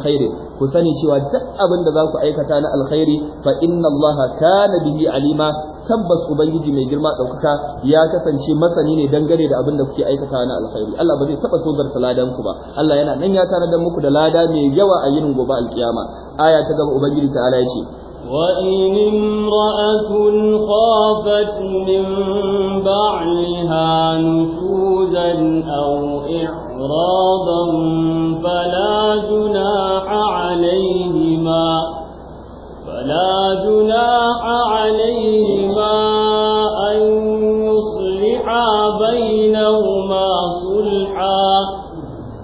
Speaker 1: ku sani cewa duk abin da za ku aikata na alkhairi fa inna Allah kana bihi alima tabbas ubangiji mai girma daukaka ya kasance masani ne dangane da abin da kuke aikata na alkhairi Allah ba zai taba tozarta ladan ku ba Allah yana nan ya tana dan muku da lada mai yawa a yinin gobe alkiyama aya ta gaba ubangiji ta'ala ya ce
Speaker 3: وإن امرأة خافت من بعلها نشوزا أو إقرابا فلا جناح عليهما فلا جناح عليهما أن يصلحا بينهما صلحا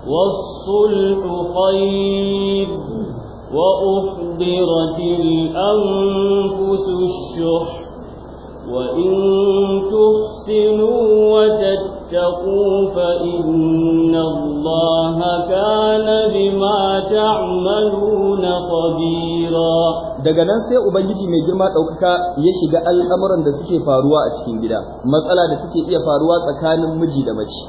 Speaker 3: والصلح خير وأحضرت الأنفس الشح وإن تحسنوا وتتقوا واتقوا فإن الله كان بما تعملون خبيرا
Speaker 1: daga nan sai ubangiji mai girma ɗaukaka ya shiga al'amuran da suke faruwa a cikin gida matsala da suke iya faruwa tsakanin miji da mace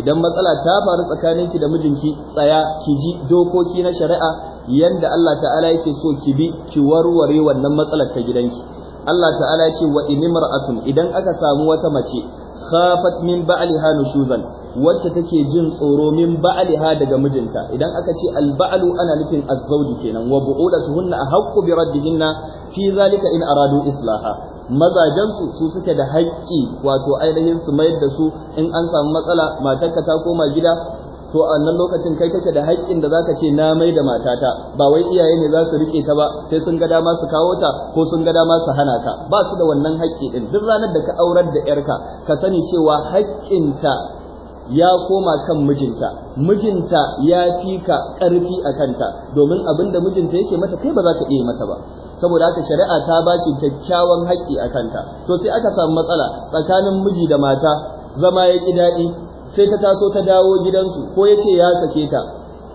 Speaker 1: idan matsala ta faru tsakaninki da mijinki tsaya ki ji dokoki na shari'a yanda Allah ta'ala yake so ki bi ki warware wannan matsalar ta gidanki Allah ta'ala ya ce wa inimra'atun idan aka samu wata mace khafat min ba'liha nushuzan wacce take jin tsoro min ba'liha daga mijinta idan aka ce ba'lu ana nufin azzauji kenan wa bu'ulatuhunna ahaqqu bi raddihinna fi zalika in aradu islaha mazajen su su suke da haƙƙi wato ainihin su mayar da su in an samu matsala matarka ta koma gida to a nan lokacin kai kake da haƙƙin da zaka ce na mai da matata ba wai iyaye ne za su rike ta ba sai sun ga dama su kawo ta ko sun ga dama su hana ta ba su da wannan haƙƙi din duk ranar da ka aurar da yarka ka sani cewa haƙƙinta ya koma kan mijinta mijinta ya fi ka ƙarfi a kanta domin abin da mijinta yake mata kai ba za ka iya mata ba saboda haka shari'a ta ba shi kyakkyawan haƙƙi a kanta to sai aka samu matsala tsakanin miji da mata zama ya ƙi daɗi sai ta taso ta dawo gidansu ko ya ce ya sake ta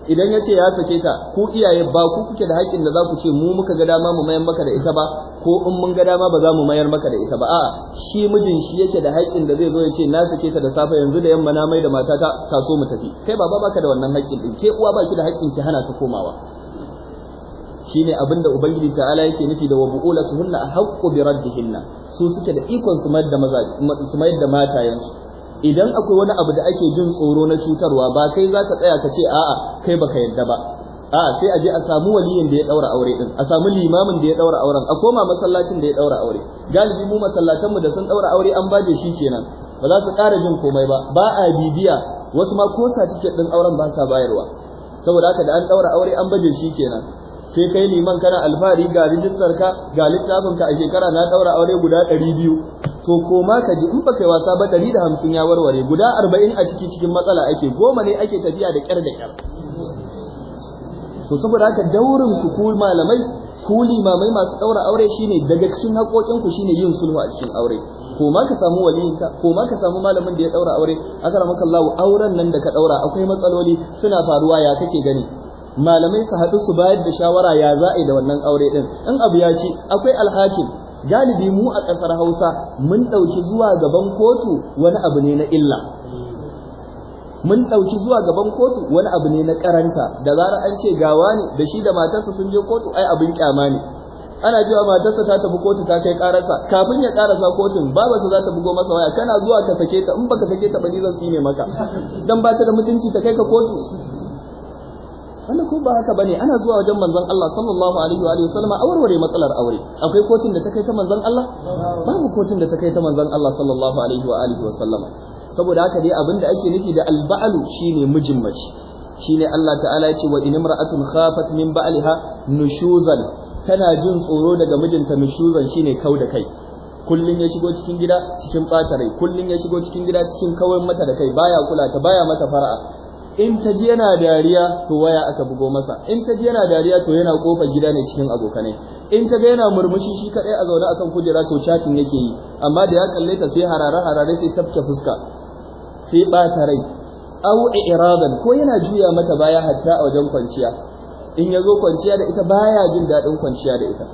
Speaker 1: idan ya ce ya sake ta ku iyaye ba ku kuke da haƙƙin da za ku ce mu muka ga dama mu mayar maka da ita ba ko in mun ga dama ba za mu mayar maka da ita ba a'a shi mijin shi yake da haƙƙin da zai zo ya ce na sake ta da safe yanzu da yamma na mai da matata taso mu tafi kai baba baka da wannan haƙƙin din ke uwa baki da haƙƙin ki hana ta komawa shine abin da ubangiji ta'ala yake nufi da wabu'ulatuhunna haqqu bi raddihinna su suke da ikon su mayar da mata su da matayensu idan akwai wani abu da ake jin tsoro na cutarwa ba kai za ka tsaya ka ce a'a kai ba ka yadda ba a'a sai a je a samu waliyin da ya daura aure din a samu limamin da ya daura auren a koma masallacin da ya daura aure galibi mu masallatan mu da sun daura aure an baje shi kenan ba za su ƙara jin komai ba ba a bibiya wasu ma ko certificate din auren ba sa bayarwa saboda haka da an daura aure an baje shi kenan sai kai liman kana alfahari ga rijistar ka ga littafin ka a shekara na daura aure guda 200 to ma ka ji in baka yi wasa ba 150 ya warware guda 40 a ciki cikin matsala ake goma ne ake tafiya da kyar da kyar to saboda haka daurin ku ku malamai ku limamai masu daura aure shine daga cikin haƙoƙin ku shine yin sulhu a cikin aure ko ma ka samu ka ko ma ka samu malamin da ya daura aure maka Allah auren nan da ka daura akwai matsaloli suna faruwa ya kake gani malamai su haɗu su bayar da shawara ya za a da wannan aure ɗin in abu ya ci akwai alhakin galibi mu a ƙasar hausa mun ɗauki zuwa gaban kotu wani abu ne na illa mun ɗauki zuwa gaban kotu wani abu ne na karanta da zarar an ce gawa ne da shi da matarsa sun je kotu ai abin kyama ne ana cewa matarsa ta tafi kotu ta kai karasa kafin ya karasa kotun babarsa za ta bugo masa waya kana zuwa ka sake ta in baka sake ta ba ni zan tsine maka dan ba ta da mutunci ta kai ka kotu wannan ko ba haka bane ana zuwa wajen manzon Allah sallallahu alaihi wa sallama a matsalar aure akwai kotun da ta kai ta manzon Allah babu kotun da ta kai ta manzon Allah sallallahu alaihi wa alihi wa saboda haka dai abinda ake nufi da alba'alu shine mijin mace shine Allah ta'ala ya ce wa in imra'atun khafat min ba'liha nushuzan tana jin tsoro daga mijinta nushuzan shine kau da kai kullun ya shigo cikin gida cikin bata rai kullun ya shigo cikin gida cikin kawai mata da kai baya kula ta baya mata fara'a in ta ji yana dariya to waya aka bugo masa in ta ji yana dariya to yana kofar gida ne cikin abokanai in ta ga yana murmushi shi kadai a zaune akan kujera to chatting yake yi amma da ya kalle ta sai harare harare sai tafta fuska sai bata rai au i'radan ko yana juya mata baya hatta a wajen kwanciya in ya kwanciya da ita baya jin daɗin kwanciya da ita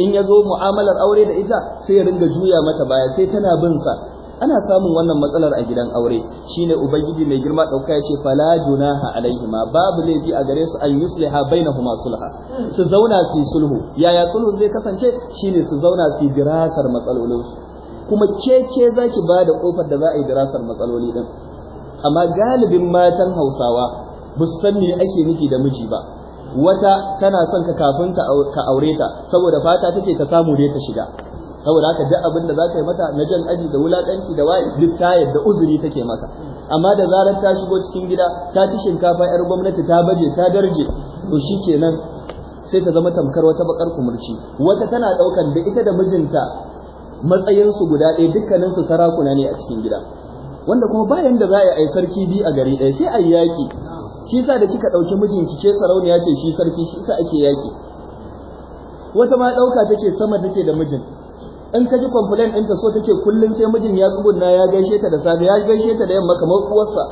Speaker 1: in yazo mu'amalar aure da ita sai ya ringa juya mata baya sai tana bin sa ana samun wannan matsalar a gidan aure shine ubangiji mai girma dauka yace fala junaha alaihima babu laifi a gare su an yusliha bainahuma sulha su zauna su sulhu yaya sulhu zai kasance shine su zauna su dirasar matsalolin su kuma keke zaki ba da kofar da za a yi dirasar matsaloli din amma galibin matan Hausawa ba su san me ake miki da miji ba wata tana son ka kafin ka aure ta saboda fata take ta samu dai ta shiga saboda haka duk abin da za ka yi mata na jan aji da wulakanci da waye duk ta yadda uzuri take maka amma da zarar ta shigo cikin gida ta ci shinkafa yar gwamnati ta baje ta darje to shikenan sai ta zama tamkar wata bakar kumurci wata tana daukan da ita da mijinta matsayinsu guda ɗaya dukkaninsu sarakuna ne a cikin gida wanda kuma bayan da za a yi sarki bi a gari ɗaya sai a yi yaƙi shi sa da kika ɗauki mijinki ke sarauniya ce shi sarki shi sa ake yaƙi wata ma ɗauka take sama take da mijin in ka ji complaint ɗinta so take kullum sai mijin ya tsugunna ya gaishe ta da safe ya gaishe ta da yamma kamar uwarsa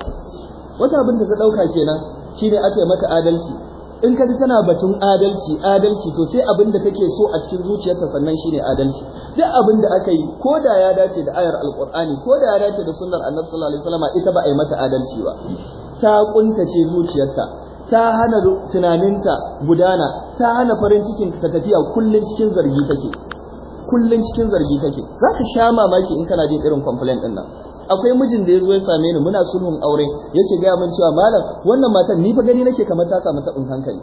Speaker 1: wata abin da ta ɗauka kenan shine aka yi mata adalci in ka ji tana batun adalci adalci to sai abin da take so a cikin zuciyarta sannan shine adalci duk abin da aka yi ko da ya dace da ayar alqur'ani ko da ya dace da sunnar annabi sallallahu alaihi wasallam ita ba a yi mata adalci ba ta kuntace zuciyarta ta hana tunaninta gudana ta hana farin cikin ta tafiya kullun cikin zargi take Kullum cikin zargi kake za ka sha mamaki in kana jin irin complaint din nan akwai mijin da ya zo ya same ni muna sulhun aure yake gaya min cewa malam wannan matan ni fa gani nake kamar ta samu tabin hankali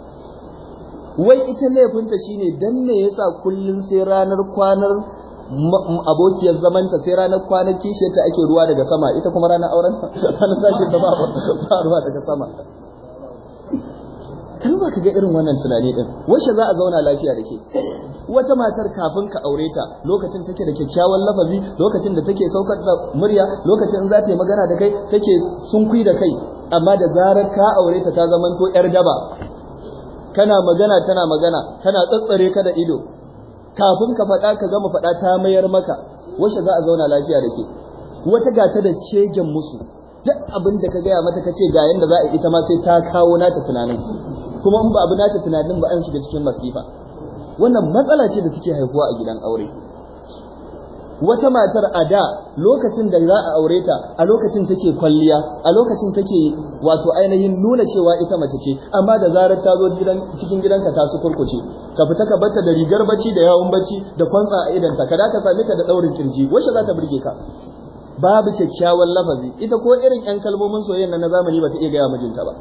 Speaker 1: wai ita laifinta shine dan me yasa kullun sai ranar kwanar abokiyar zamanta sai ranar kwanar kishiyarta ake ruwa daga sama ita kuma ranar auren ranar sashe ta ba ruwa daga sama duba ka ga irin wannan tunani din washe za a zauna lafiya da ke wata matar kafin ka aure ta lokacin take da kyakkyawan lafazi lokacin da take saukar da murya lokacin za ta yi magana da kai take sunkui da kai amma da zarar ka aure ta ta zamanto yar daba kana magana tana magana tana tsatsare ka da ido kafin ka faɗa ka gama faɗa ta mayar maka washe za a zauna lafiya da ke wata gata da shegen musu duk abin da ka gaya mata ka ce ga yanda za a ita ma sai ta kawo nata tunanin kuma in ba abu nata tunanin ba an shiga cikin masifa wannan matsala ce da take haihuwa a gidan aure wata matar a da lokacin da za a aure ta a lokacin take kwalliya a lokacin take wato ainihin nuna cewa ita mace ce amma da zarar ta zo cikin gidanka ta su kurkuce ka fita ka barta da rigar bacci da yawon bacci da kwantsa a idanta ka da ka same ta da daurin kirji wacce za ta burge ka babu kyakkyawan lafazi ita ko irin yan kalmomin soyayya na zamani ba ta iya gaya mijinta ba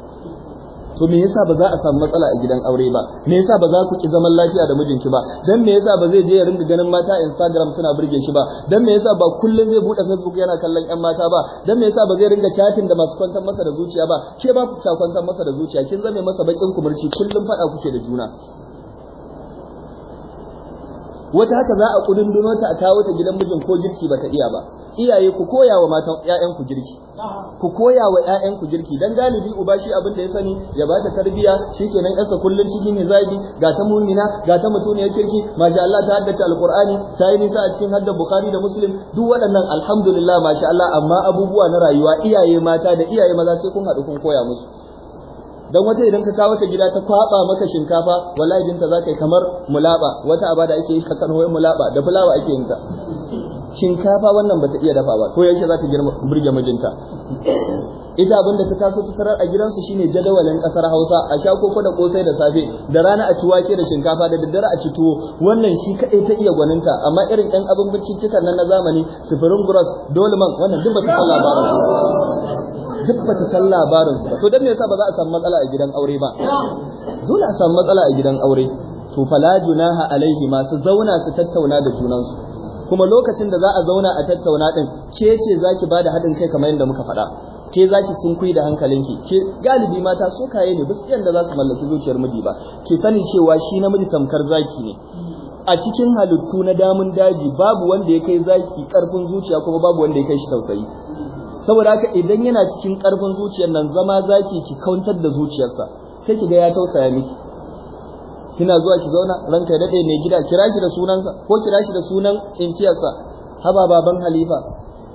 Speaker 1: to me yasa ba za a samu matsala a gidan aure ba me yasa ba za ku ki zaman lafiya da mijinki ba dan me yasa ba zai je ya ringa ganin mata a Instagram suna burge shi ba dan me yasa ba kullun zai bude Facebook yana kallon ƴan mata ba dan me yasa ba zai ringa chatting da masu kwantar masa da zuciya ba ke ba ku ta kwantar masa da zuciya kin zame masa bakin kumurci kullun fada kuke da juna wata haka za a kudundunota ta a kawo ta gidan mijin ko girki bata iya ba iyaye ku koya wa matan ƴaƴan ku girki ku koya wa ƴaƴan ku girki dan galibi uba shi abin da ya sani ya bata tarbiya shikenan yarsa kullun cikin hizabi ga ta mumina ga ta mutuniyar kirki masha Allah ta haddace alqur'ani ta yi nisa a cikin haddar bukhari da muslim duk waɗannan alhamdulillah masha Allah amma abubuwa na rayuwa iyaye mata da iyaye maza sai kun haɗu kun koya musu dan wata idan ka kawo ta gida ta kwaba maka shinkafa wallahi za ka yi kamar mulaba wata abada ake yi kakan hoye mulaba da fulawa ake yin ta shinkafa wannan ba ta iya dafa ba ko yaushe za ta girma burge mijinta ita abinda ta taso ta tarar a gidansu shine jadawalin kasar Hausa a sha koko da kosai da safe da rana a ci wake da shinkafa da daddare a ci tuwo wannan shi kaɗai ta iya gwaninta amma irin ɗan abin bincikan nan na zamani sifirin gross dolman wannan duk bata san ba duk ta san labarin su ba to dan me yasa ba za a samu matsala a gidan aure ba dole a samu matsala a gidan aure to fala junaha alaihi masu zauna su tattauna da junansu kuma lokacin da za a zauna a tattauna din ke ce zaki bada haɗin kai kamar yadda muka faɗa ke zaki sun kuyi da hankalinki ke galibi mata su kaye ne ba su za su mallaki zuciyar miji ba Ke sani cewa shi namiji tamkar zaki ne a cikin halittu na damun daji babu wanda ya kai zaki karfin zuciya kuma babu wanda ya kai shi tausayi saboda haka idan yana cikin karfin zuciyar nan zama zaki ki kauntar da zuciyarsa sai ki ga ya tausaya miki kina zuwa ki zauna ranka ya dade mai gida kira shi da sunansa ko kira shi da sunan intiyarsa haba baban halifa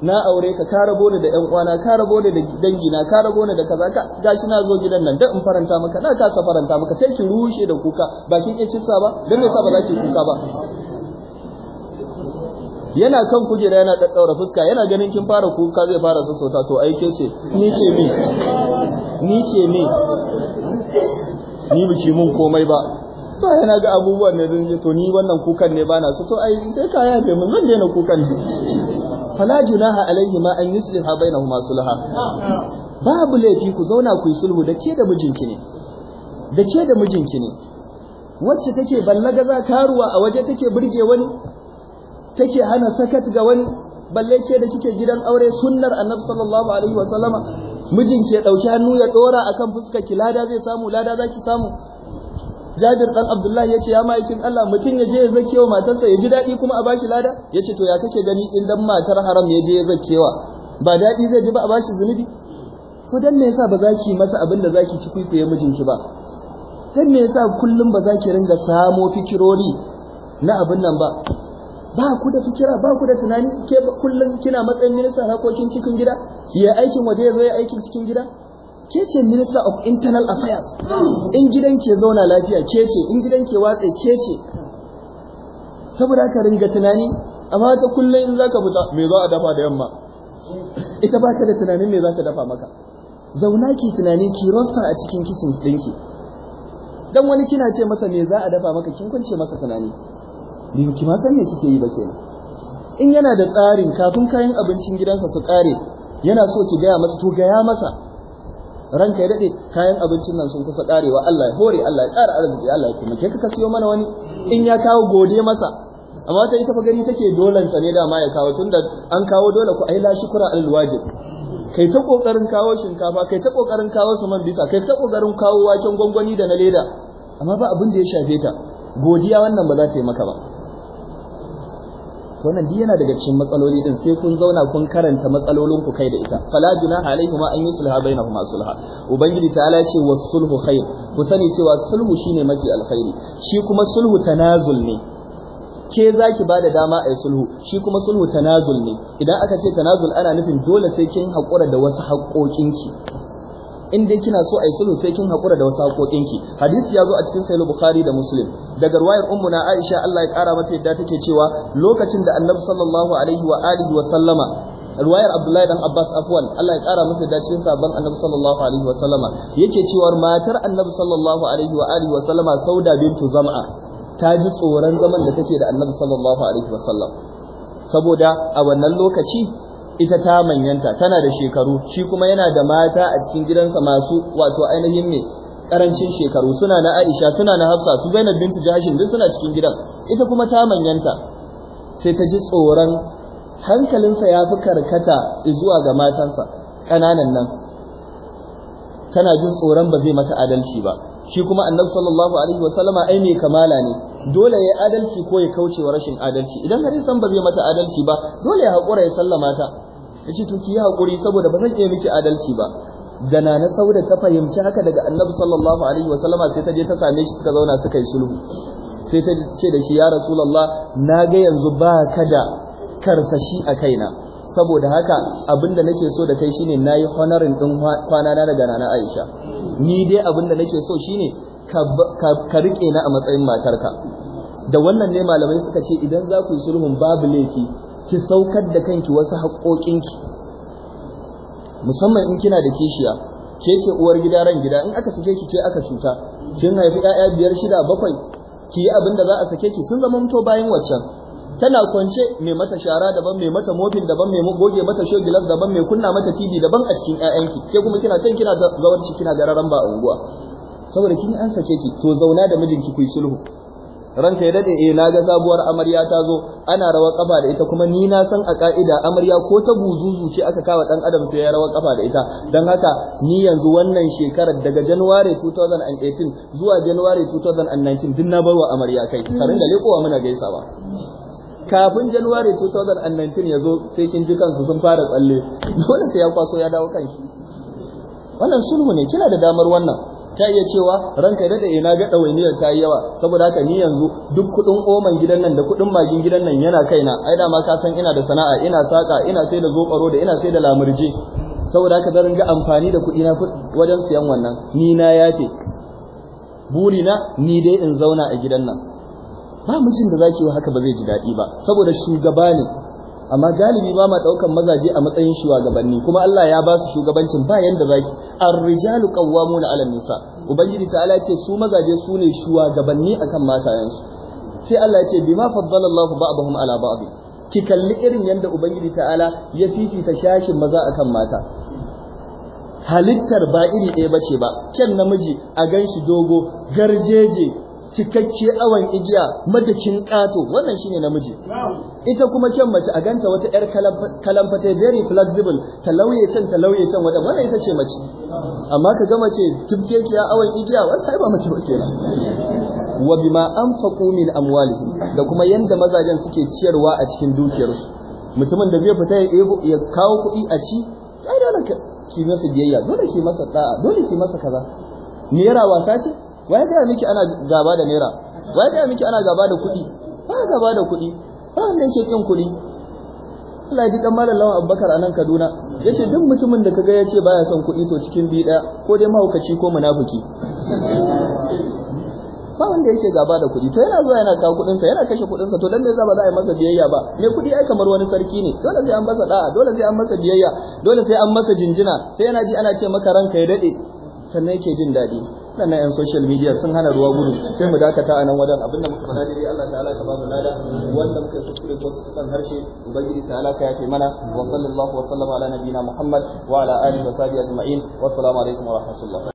Speaker 1: na aure ka ka rabo da ƴan uwana ka rabo da dangi na ka rabo da kaza ka gashi na zo gidan nan da in faranta maka na ka faranta maka sai ki rushe da kuka Ba kin iya kissa ba dan me sa ba za ki kuka ba
Speaker 2: yana kan kujera
Speaker 1: yana daddaura fuska yana ganin kin fara kuka zai fara sassauta to ai ce ni ce me ni ce me ni biki mun komai ba to yana ga abubuwan ne zan to ni wannan kukan ne bana su, to ai sai ka yafe mun zan daina kukan ne fala junaha alaihi ma an yusliha bainahuma sulha babu laifi ku zauna ku yi sulhu da ke da mijinki ne da ke da mijinki ne wacce take ballaga za karuwa a waje take burge wani take hana sakat ga wani balle ke da kike gidan aure sunnar annabi sallallahu alaihi wa sallama mijin ke dauki hannu ya dora akan fuskar ki lada zai samu lada zaki samu Jabir dan Abdullah ya ce ya ma'aikin Allah mutum ya je ya zakkewa matarsa ya ji dadi kuma a bashi lada yace to ya kake gani in dan matar haram ya je ya zakkewa ba dadi zai ji ba a bashi zunubi to dan me yasa ba za ki masa abin da za ki ci kwaikwaye mijinki ba dan me yasa kullum ba za ki ringa samo fikirori na abin nan ba ba ku da fikira ba ku da tunani ke kullum kina matsayin ministan harkokin cikin gida ya aikin waje ya zo ya aikin cikin gida ke ce minister of internal affairs in gidan ke zauna lafiya ke ce in gidan ke watsa ke ce saboda ka ringa tunani amma ta kullum in zaka fita me za a dafa da yamma ita ba ka da tunanin me za ta dafa maka zauna ki tunani ki roster a cikin kitchen ɗinki dan wani kina ce masa me za a dafa maka kin kwance masa tunani ni ki ma san me kike yi ba ke. in yana da tsarin kafin kayan abincin gidansa su kare yana so ki gaya masa to gaya masa ranka ya dade kayan abincin nan sun kusa karewa Allah ya hore Allah ya kara, arziki Allah ya kuma ka ka siyo mana wani in ya kawo gode masa amma ta ita fa gani take dolan sa ne dama ya kawo tunda an kawo dole ku ai la shukura al wajib kai ta kokarin kawo shinkafa kai ta kokarin kawo saman bita kai ta kokarin kawo waken gwangwani da na leda amma ba abin da ya shafe ta godiya wannan ba za ta yi maka ba wannan duk yana daga cikin matsaloli din sai kun zauna kun karanta matsalolin ku kai da ita fala juna alaihuma an yi yusulha bainahuma sulha ubangiji ta'ala ya ce wasulhu khair ku sani cewa sulhu shine mafi alkhairi shi kuma sulhu tanazul ne ke za ba da dama a sulhu shi kuma sulhu tanazul ne idan aka ce tanazul ana nufin dole sai kin haƙura da wasu haƙoƙinki in dai kina so ai sulhu sai kin hakura da wasu ki. hadisi ya zo a cikin sahih bukhari da muslim daga ruwayar ummuna aisha Allah ya kara mata yadda take cewa lokacin da annabi sallallahu alaihi wa alihi wa sallama ruwayar Abdullahi dan Abbas afwan Allah ya kara masa dace sabon Annabi sallallahu alaihi wa sallama yake cewa matar Annabi sallallahu alaihi wa alihi wa sallama Sauda bintu Zam'a ta ji tsoron zaman da take da Annabi sallallahu alaihi wa sallam saboda a wannan lokaci ita ta manyanta tana da shekaru shi kuma yana da mata a cikin gidansa masu wato ainihin ne karancin shekaru suna na Aisha suna na Hafsa su Zainab bintu Jahshin duk suna cikin gidan ita kuma ta manyanta sai ta ji tsoron hankalinsa ya fi karkata zuwa ga matansa ƙananan nan tana jin tsoron ba zai mata adalci ba shi kuma annabi sallallahu alaihi wasallama ai mai kamala ne dole ya adalci ko ya kauce wa rashin adalci idan har san ba zai mata adalci ba dole ya haƙura ya sallama ta ya ce to ki hakuri saboda ba zan iya miki adalci ba da na na sauda ta fahimci haka daga annabi sallallahu alaihi wasallama sai ta je ta same shi suka zauna suka yi sulhu sai ta ce da shi ya rasulullah na ga yanzu ba ka da karsashi a kaina saboda haka abinda nake so da kai shine nayi honorin din kwana na daga nana Aisha ni dai abinda nake so shine ka rike na a matsayin matarka da wannan ne malamai suka ce idan za ku yi sulhun babu laifi ki saukar da kanki wasu haƙoƙinki musamman in kina da kishiya ke ce uwar gida ran gida in aka sake ki ke aka cuta kin haifi 'ya'ya biyar shida bakwai ki yi abin da za a sake ki sun zama mutu bayan waccan tana kwance mai mata shara daban mai mata mofin daban mai goge mata shogilas daban mai kunna mata tv daban a cikin 'ya'yanki ke kuma kina can kina zawarci kina gararan ba a unguwa saboda kin an sake ki to zauna da mijinki ku yi sulhu ranka ya dade eh naga sabuwar amarya ta zo ana rawar kafa da ita kuma ni na san a ka'ida amarya ko ta buzuzu ce aka kawo dan adam sai ya rawa kafa da ita dan haka ni yanzu wannan shekarar daga January 2018 zuwa January 2019 din na barwa amarya kai karin da lekowa muna gaisawa kafin January 2019 ya zo sai kin ji kansu sun fara tsalle dole sai ya kwaso ya dawo kanki wannan sulhu ne kina da damar wannan ta iya cewa ranka da dade na ga ɗawainiyar ta yi yawa saboda haka ni yanzu duk kudin oman gidan nan da kudin magin gidan nan yana kaina ai da ma ka san ina da sana'a ina saka ina sai da zoɓaro, da ina sai da lamurje saboda haka zan ga amfani da kudi na wajen siyan wannan ni na yafe burina ni dai in zauna a gidan nan ba mijin da zaki yi haka ba zai ji daɗi ba saboda shugaba ne amma galibi ba ma daukan mazaje a matsayin shugabanni kuma Allah ya ba su shugabancin ba yanda zaki ar-rijalu qawwamuna 'ala nisa ubangiji ta'ala ce su mazaje su ne shugabanni akan matayensu sai Allah ya ce bima faddala Allahu ba'dahum 'ala ba'd ki kalli irin yanda ubangiji ta'ala ya fifita shashin maza akan mata halittar ba iri ɗaya bace ba kyan namiji a ganshi dogo garjeje cikakke awan igiya madakin ƙato wannan shine namiji ita kuma kyan mace a ganta wata yar ta very flexible ta lauye can ta lauye can wadda wannan ita ce mace amma ka ga mace tubkekiya awan igiya wannan ba mace ba kenan wa bima anfaqu min amwalihim da kuma yanda mazajen suke ciyarwa a cikin dukiyarsu mutumin da zai fita ya kawo kuɗi a ci ai dole ki masa biyayya dole ki masa da'a dole ki masa kaza naira wasa ce wai ga miki ana gaba da naira wai ga miki ana gaba da kuɗi wai gaba da kuɗi ba wanda yake kin kuɗi Allah ya ji dan mallan lawan Abubakar anan Kaduna yace duk mutumin da kaga yace baya son kuɗi to cikin bi ɗaya ko dai mahaukaci ko munafiki ba wanda yake gaba da kuɗi to yana zuwa yana kawo kuɗinsa yana kashe kuɗinsa to lalle za ba za a yi masa biyayya ba me kuɗi ai kamar wani sarki ne dole sai an masa da'a dole sai an masa biyayya dole sai an masa jinjina sai yana ji ana ce maka ranka ya dade sannan yake jin daɗi nan yan social media sun hana ruwa gudu sai mu dakata a nan wajen abinda muka faɗa dai Allah ta'ala ka ba mu lada wanda muka kuskure ko su kan harshe ubangiji ta'ala ka yafe mana wa sallallahu wa sallama ala nabiyina Muhammad wa ala alihi wa sahbihi ajma'in wa assalamu alaikum wa rahmatullahi